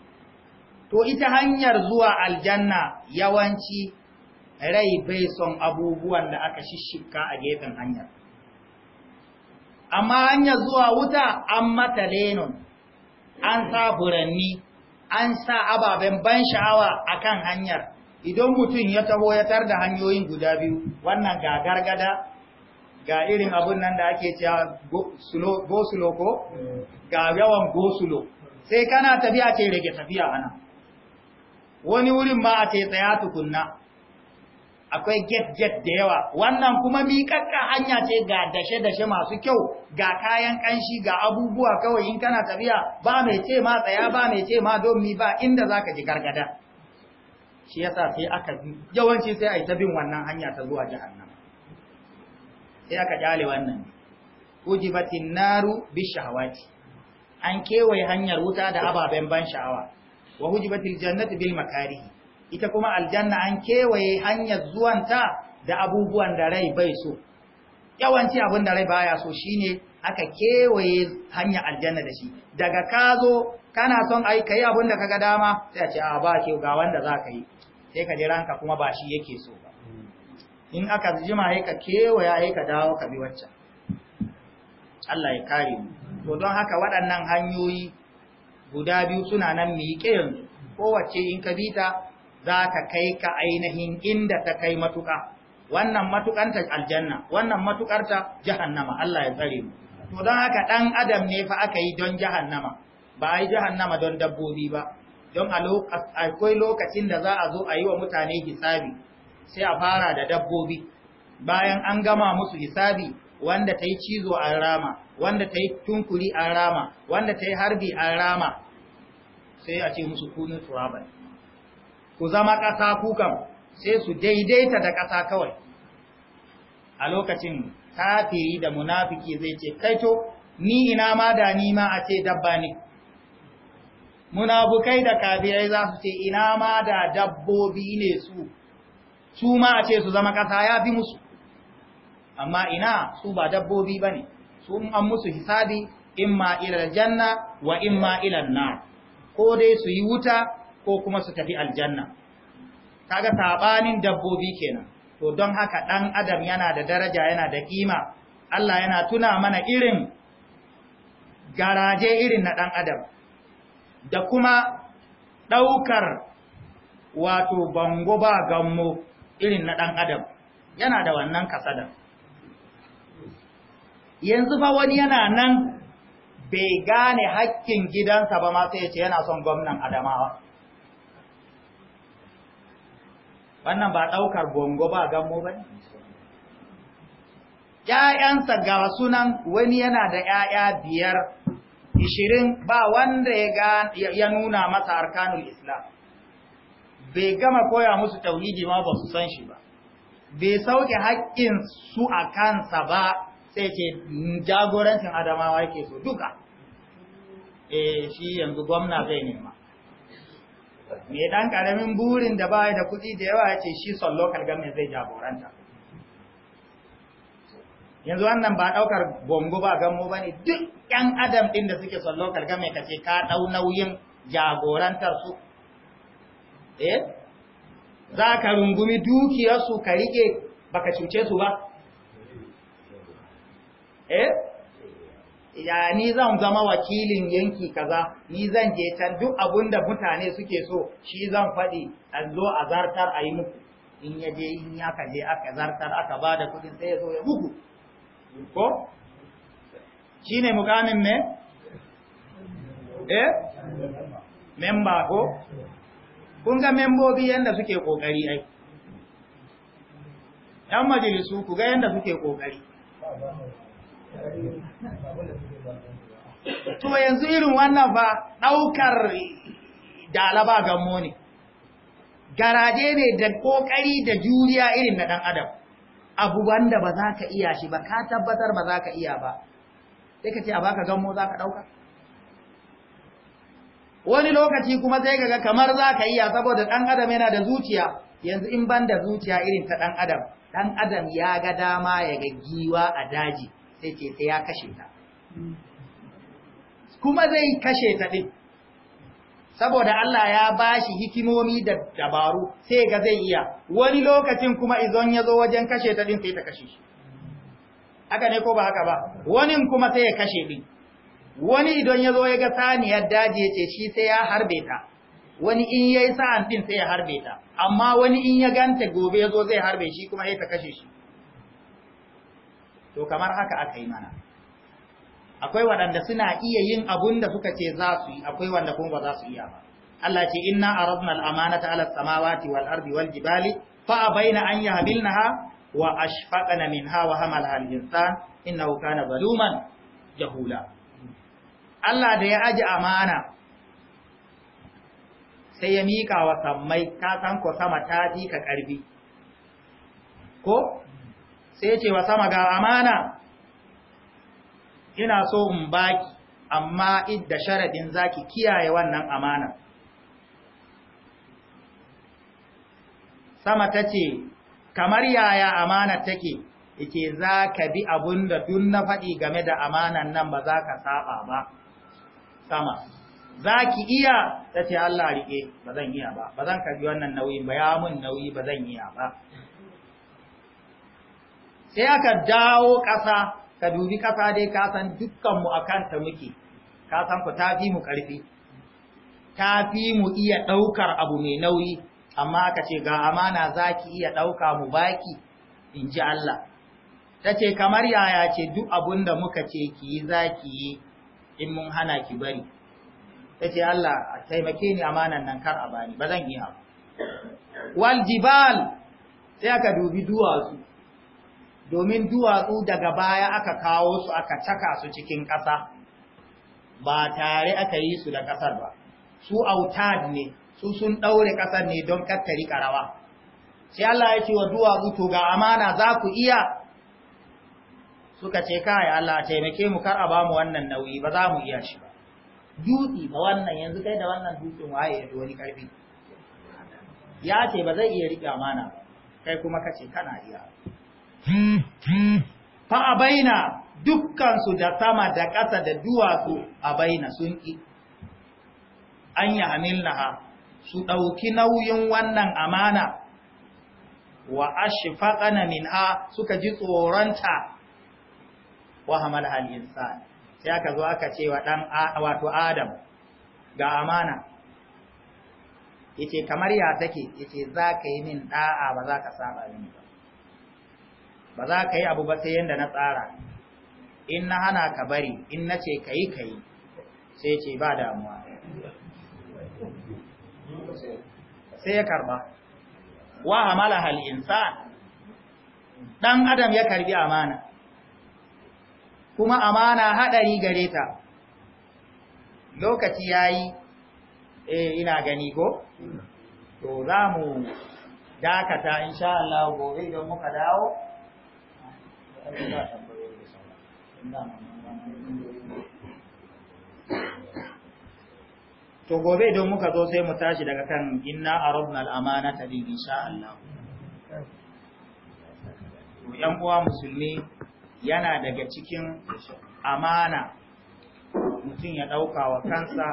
to ita hanyar zuwa aljanna yawanci rai bai son abubuwan da aka shishika a gefen hanyar amma hanyar zuwa wuta an mata lenon an sa buranni. an sa ababen ban sha'awa a kan hanyar idan mutum ya taho ya tar da hanyoyin guda biyu wannan ga gargada ga irin abun nan da ake cewa gosulo ko ga yawan gosulo sai kana tafiya ce rage tafiya ana wani wurin ma a ce tsaya tukunna akwai get-get da yawa wannan kuma miƙaƙƙa hanya ce ga dashe-dashe masu kyau ga kayan ƙanshi ga abubuwa kawai in kana tafiya ba mai ce ma tsaya ba mai ce ma domin ba inda za ka ji gargada shi yasa sai aka yawanci sai a yi ta bin wannan hanya ta zuwa jahannama sai aka kyale wannan ujibatin naru bishahawati an kewaye hanyar wuta da ababen ban sha'awa wa hujibatil jannati bil makarihi ita kuma aljanna an kewaye hanyar zuwanta da abubuwan da rai bai so yawanci abin da rai baya so shine aka kewaye hanyar aljanna da shi daga ka zo kana son ai kai abin da kaga dama sai a ce a ah, ba ke ga wanda za ka yi sai ka jira ranka kuma ba shi yake so ba in aka jima sai ka kewaye sai ka dawo ka bi waccan Allah ya kare mu to don haka waɗannan hanyoyi guda biyu suna nan miƙe yanzu kowace in ka bi ta za ka kai ka ainihin inda ta kai matuka? wannan ta aljanna wannan matukarta jahannama Allah ya tsare mu to don haka ɗan adam ne fa aka yi don jahannama ba a yi jahannama don dabbobi ba don akwai lokacin da za a zo a yi wa mutane hisabi sai a fara da dabbobi bayan an gama musu hisabi wanda ta yi cizo a rama wanda ta yi tunkuri a rama wanda ta yi harbi an rama sai a ce musu kunu turaban ku zama ƙasa kukan sai su daidaita da ƙasa kawai a lokacin kafiri da munafiki zai ce kaito ni ina ma da ni ma a ce dabba ne munafukai da kafirai za su ce ina ma da dabbobi ne su su ma a ce su zama ƙasa ya fi musu amma ina su ba dabbobi ba ne su an musu hisabi imma ilal janna wa imma mailar na ko dai su yi wuta ko kuma su tafi aljanna kaga sabanin dabbobi kenan to don haka dan adam yana da daraja yana da kima Allah yana tuna mana irin garaje irin na dan adam da kuma daukar wato bango ba gammo irin na dan adam yana da wannan kasada yanzu ba wani yana nan bai gane hakkin gidansa ba ma sai ya ce yana son gwamnan adamawa wannan ba ɗaukar gongo ba gammo ba ne ‘ya'yansa ga sunan wani yana da ‘ya'ya biyar ishirin ba wanda ya nuna masa arkanul islam bai gama koya musu tauhidi ma ba su san shi ba bai sauke haƙƙin su a kansa ba sai ce jagorancin adamawa yake so duka eh shi yanzu gwamna zai nema mai ɗan karamin burin da baya da kuɗi da yawa ya ce shi son local game zai jagoranta yanzu wannan ba ɗaukar bongo ba gammo ba ne duk yan adam ɗin da suke son local game ka ce ka dau nauyin jagorantar su eh za ka rungumi dukiyarsu ka rike baka cuce su ba eh ya ni zan zama wakilin yanki kaza ni zan je can duk abinda mutane suke so shi zan faɗi a zo a zartar a yi muku in ya je in ya kalle aka zartar aka ba da kuɗin sai ya zo ya bugu ko shi ne mukamin me eh memba ko kun ga membobi yanda suke kokari ai yan majalisu ku ga yanda suke kokari to yanzu irin wannan ba ɗaukar dalaba ga ne garaje ne da ƙoƙari da juriya irin na ɗan adam abu wanda ba za ka iya shi ba ka tabbatar ba za ka iya ba sai ka ce a baka gammo za ka ɗauka wani lokaci kuma sai ga kamar za ka iya saboda ɗan adam yana da zuciya yanzu in ban da zuciya irin ta ɗan adam ɗan adam ya ga dama ya ga giwa a daji sai ce sai ya kashe ta kuma zai kashe ta ɗin, saboda Allah ya bashi hikimomi da dabaru sai ga zai iya wani lokacin kuma izon ya zo wajen kashe ta ɗin, sai ta kashe shi haka ne ko ba haka ba wani kuma sai ya kashe ɗin. wani idan ya zo ya ga saniyar daji ya ce shi sai ya harbe ta wani in ya yi sa'an ɗin, sai ya harbe ta amma wani in ya ganta gobe ya zo zai harbe shi kuma ya ta kashe shi to kamar haka aka yi mana akwai waɗanda suna iya yin abun da suka ce za su yi akwai wanda kuma ba za su iya ba Allah ce inna aradna al-amanata ala samawati wal ardi wal jibali fa abaina an yahmilnaha wa ashfaqna minha wa hamalaha al-insan innahu kana zaluman jahula Allah da ya aji amana sai ya mika wa sammai ka san ko sama ta ji ka karbi ko sai ce wa sama ga amana ina so in baki amma idda sharadin zaki kiyaye wannan amana sama tace kamar yaya amana take za ka bi da dun na faɗi game da amanan nan ba za ka saba ba sama zaki iya tace Allah rike ba zan iya ba ba zan karbi wannan nauyin ba ya mun nauyi ba zan iya ba sai aka dawo ƙasa ka dubi ƙasa dai ka san dukkanmu a kanta muke ka san ku ta fi mu ƙarfi ta fi mu iya ɗaukar abu mai nauyi amma aka ce ga amana za ki iya ɗauka mu baki in ji Allah ta ce kamar yaya ce duk abun da muka ce ki yi za ki yi in mun hana ki bari ta ce Allah a taimake ni amanan nan kar a bani ba zan iya wal jibal sai aka dubi duwatsu domin duwatsu daga baya aka kawo su aka caka su cikin ƙasa ba tare aka yi su da ƙasar ba su autad ne su sun ɗaure ƙasar ne don kattari ƙarawa sai Allah ya ce wa duwatsu to ga amana za ku iya suka ce kai Allah taimake mu kar a ba mu wannan nauyi ba za mu iya shi ba dutse ba wannan yanzu kai da wannan dutsen waye ya wani karfi ya ce ba zai iya riƙe amana ba kai kuma kace kana iya fa abaina dukkansu da sama da ƙasa da duwatsu abaina sun ki an yi hamilnaha su ɗauki nauyin wannan amana wa ashfaqana a suka ji tsoronta wa hamal hal insan sai aka zo aka ce dan wato adam ga amana yace kamar ya take yace zaka yi min ɗa'a ba zaka saba ni ba ba za ka yi abu ba sai yadda na tsara in na hana ka bari in na ce ka yi ka yi sai ce ba damuwa sai ya karba wa amala hal insan dan adam ya karbi amana kuma amana haɗari gare ta lokaci yayi e eh, ina gani ko to mu dakata insha Allah gobe idan muka dawo to gobe don muka zo sai mu tashi daga kan inna aradna al'amana ta din insha Allah to yan uwa musulmi yana daga cikin amana mutum ya dauka wa kansa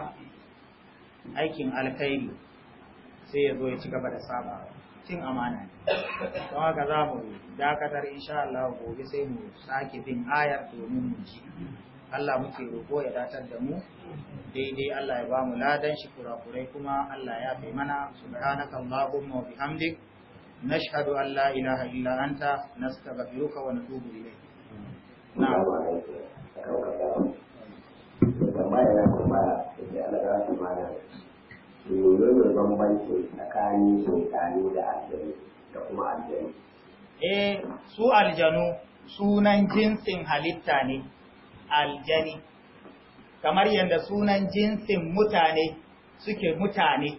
aikin alkhairi sai ya zo ya ci gaba da sabawa cin amana ne don haka za mu dakatar insha Allah gobe sai mu sake bin ayar domin mu ji Allah muke roƙo ya datar da mu daidai Allah ya ba mu ladan shi kurakurai kuma Allah ya bai mana subhanaka allahumma wa bihamdik nashhadu an la ilaha illa anta nastaghfiruka wa natubu ilayk na'am tambaya kuma da Allah ya bambanci tsakanin shekaru da aljanu da kuma aljanu. Eh, su aljanu sunan jinsin halitta ne, aljani, kamar yadda sunan jinsin mutane suke mutane.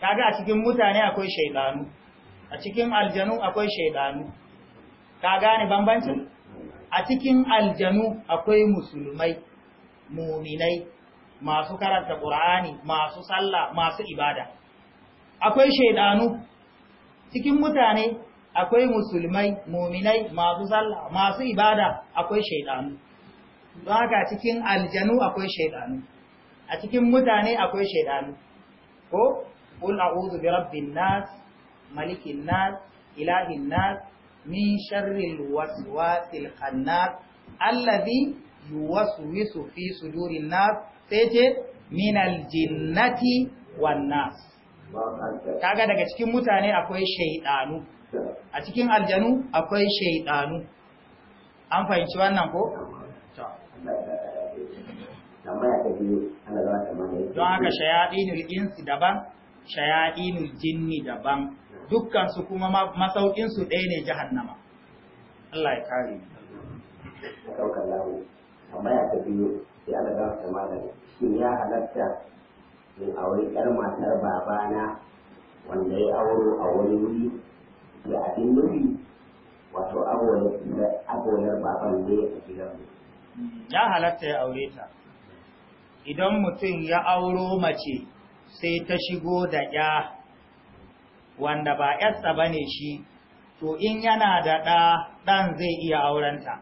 Kaga a cikin mutane akwai shaidanu, a cikin aljanu akwai shaidanu. Ka gane bambancin? A cikin aljanu akwai musulmai, muminai, masu karanta Qur'ani masu sallah masu ibada akwai shaidanu cikin mutane akwai musulmai muminai masu sallah masu ibada akwai shaidanu don haka cikin aljanu akwai shaidanu a cikin mutane akwai shaidanu ko qul a'udhu bi rabbin nas malikin nas ilahin nas min sharril waswasil khannas alladhi yuwaswisu fi sudurin nas sai ce minal jinnati wan nas kaga daga cikin mutane akwai shaidanu a cikin aljanu akwai shaidanu an fahimci wannan ko don haka shayadinul insi daban shayadinul jinni daban dukkansu kuma su ɗaya ne jahannama Allah ya kare tambaya ta biyu ya raga ta malam shin ya halatta in aure yar matar babana wanda ya auro a wani wuri da abin nufi wato abonar baban da ya fi gidan hmm, ya halatta ya aure ta idan mutum ya auro mace sai ta shigo da ya wanda ba yarsa ba ne shi to in yana da ɗa ɗan zai iya aurenta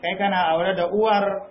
kai kana aure da uwar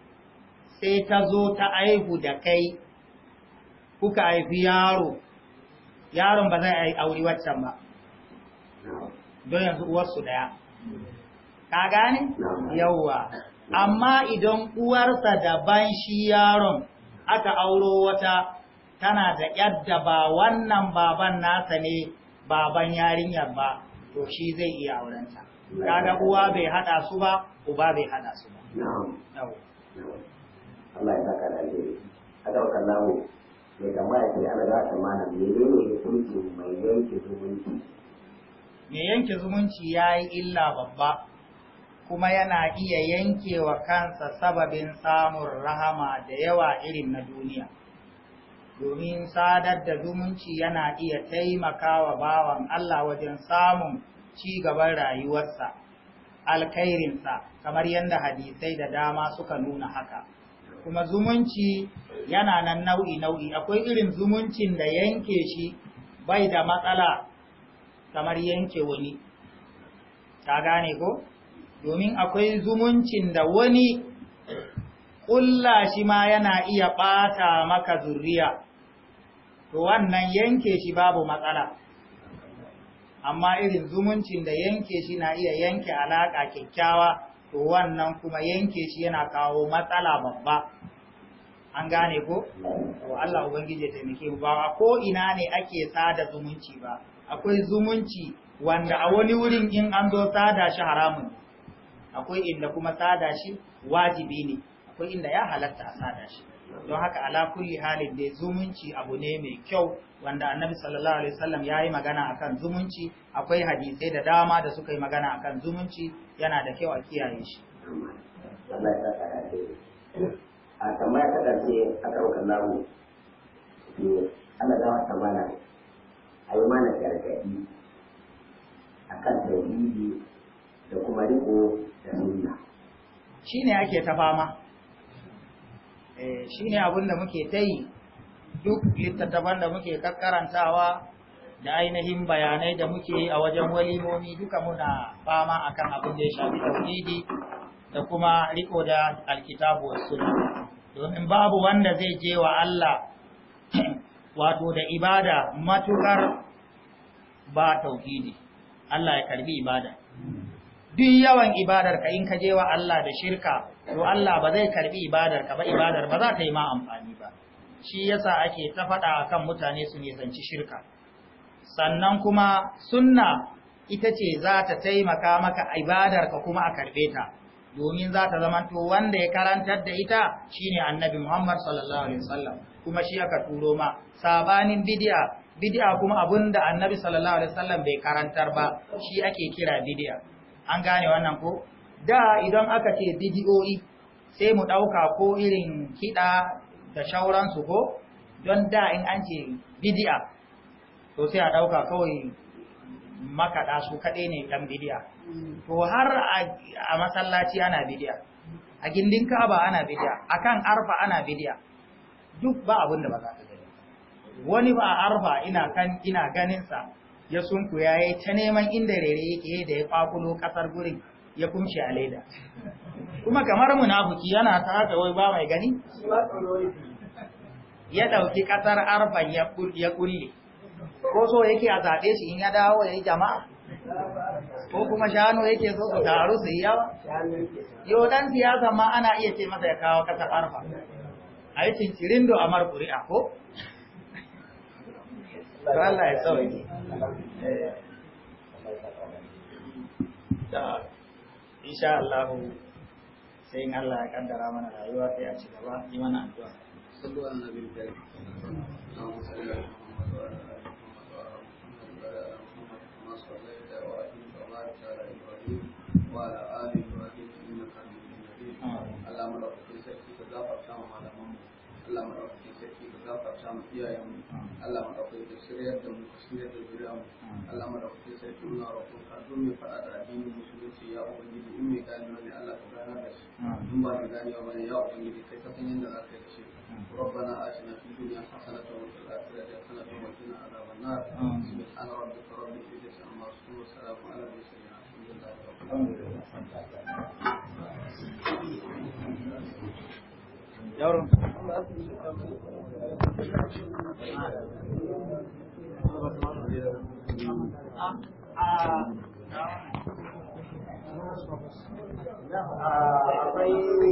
sai ta zo ta aihu da kai kuka aihu yaro yaron ba zai auri waccan ba don yanzu uwarsu daya ka gane yawwa amma idan uwarsa daban shi yaron aka auro wata tana da yadda ba wannan baban nasa ne baban yarinyar ba to shi zai iya aurenta kaga uwa bai hada su ba uba bai hada su ba Allah ya saka da alheri a ɗaukar lamu mai ya ce ana za ta mana ne hukunci mai yanke zumunci mai yanke zumunci ya yi illa babba kuma yana iya yankewa kansa sababin samun rahama da yawa irin na duniya domin sadar da zumunci yana iya taimakawa bawan Allah wajen samun ci gaban rayuwarsa alkhairinsa kamar yadda hadisai da dama suka nuna haka kuma zumunci yana nan nau'i nau'i akwai irin zumuncin da yanke shi bai da matsala kamar yanke wani ta gane ko domin akwai zumuncin da wani ƙulla shi ma yana iya ɓata maka zuriya to wannan yanke shi babu matsala amma irin zumuncin da yanke shi na iya yanke alaƙa kyakkyawa to wannan kuma yanke shi yana kawo matsala babba an gane ko to Allah ubangije ta taimake mu ba ko ina ne ake sada zumunci ba akwai zumunci wanda a wani wurin in an zo sada shi haramun akwai inda kuma sada shi wajibi ne akwai inda ya halatta a sada shi don haka ala kulli halin dai zumunci abu ne mai kyau wanda annabi sallallahu alaihi wasallam yayi magana akan zumunci akwai hadisai da dama da suka yi magana akan zumunci yana da kyau a kiyaye shi a tambaya ta dace a karkar lamu ne ana gawa ta a yi mana gargaɗi a kan tauhidi da kuma riko da sunna shine ake ta fama Eh, shi ne abin da muke ta yi duk littattafan da muke kakkarantawa da ainihin bayanai da muke a wajen walimomi duka muna fama akan abin da ya shafi tauhidi da kuma riko da alkitabu wa domin babu wanda zai je wa Allah wato da ibada matukar ba tauhidi Allah ya karbi ibada duk yawan ibadar ka in ka je wa Allah da shirka to Allah ba zai karbi ibadar ka ba ibadar ba za ta yi ma amfani ba shi yasa ake ta faɗa kan mutane su nisanci shirka sannan kuma sunna ita ce za ta taimaka maka ibadar ka kuma a karbe ta domin za ta zama to wanda ya karantar da ita shine annabi Muhammad sallallahu alaihi wasallam kuma shi aka turo ma sabanin bidiya bid'a kuma abinda annabi sallallahu alaihi wasallam bai karantar ba shi ake kira bidiya. an gane wannan ko da idan aka ce bidiyoyi sai mu ɗauka ko irin kiɗa da shauransu ko don da in an ce bidiya to sai a ɗauka kawai makaɗa su kaɗai ne ɗan bidiya to har a masallaci ana bidiya a gindin kaba ana bidiya a kan arfa ana bidiya duk ba abin da ba za ka gani wani ba a arfa ina kan ina ganinsa ya sunku ya yi ta neman inda rere yake da ya kwakulo ƙasar gurin ya kumshi a leda kuma kamar munafuki yana ta haka wai ba mai gani ya ɗauki ƙasar arfan ya kulle ko so yake a zaɓe shi in ya dawo ya yi jama'a ko kuma shanu yake so su taru su yi yawa yau ɗan siyasa ma ana iya ce masa ya kawo ƙasar arfa a yi cincirin do a markuri a ko? Allah ya tsawai insha Allah sai in Allah ya kaddara mana rayuwa sai a ci gaba yi mana addu'a sallu Allahumma salli ala Muhammad wa ala ali Muhammad wa ala Muhammad kama sallaita wa ala Ibrahim wa ala ali Ibrahim innaka Majid sai gafarta wa gafarta mu iyayen mu Allah madaukake shirya da mu shirya da zuriya mu Allah madaukake sai tun na roƙo ka don mu fada da addinin musulunci ya ubangiji in mai gani wani Allah ka gana da shi in ba mai gani ba ne ya ubangiji kai ka san yadda za ka yi shi ربنا آتنا في الدنيا حسنة وفي الآخرة حسنة وقنا عذاب النار سبحان ربك رب العزة عما يصفون وسلام على المرسلين الحمد لله رب العالمين Yavrum. akwai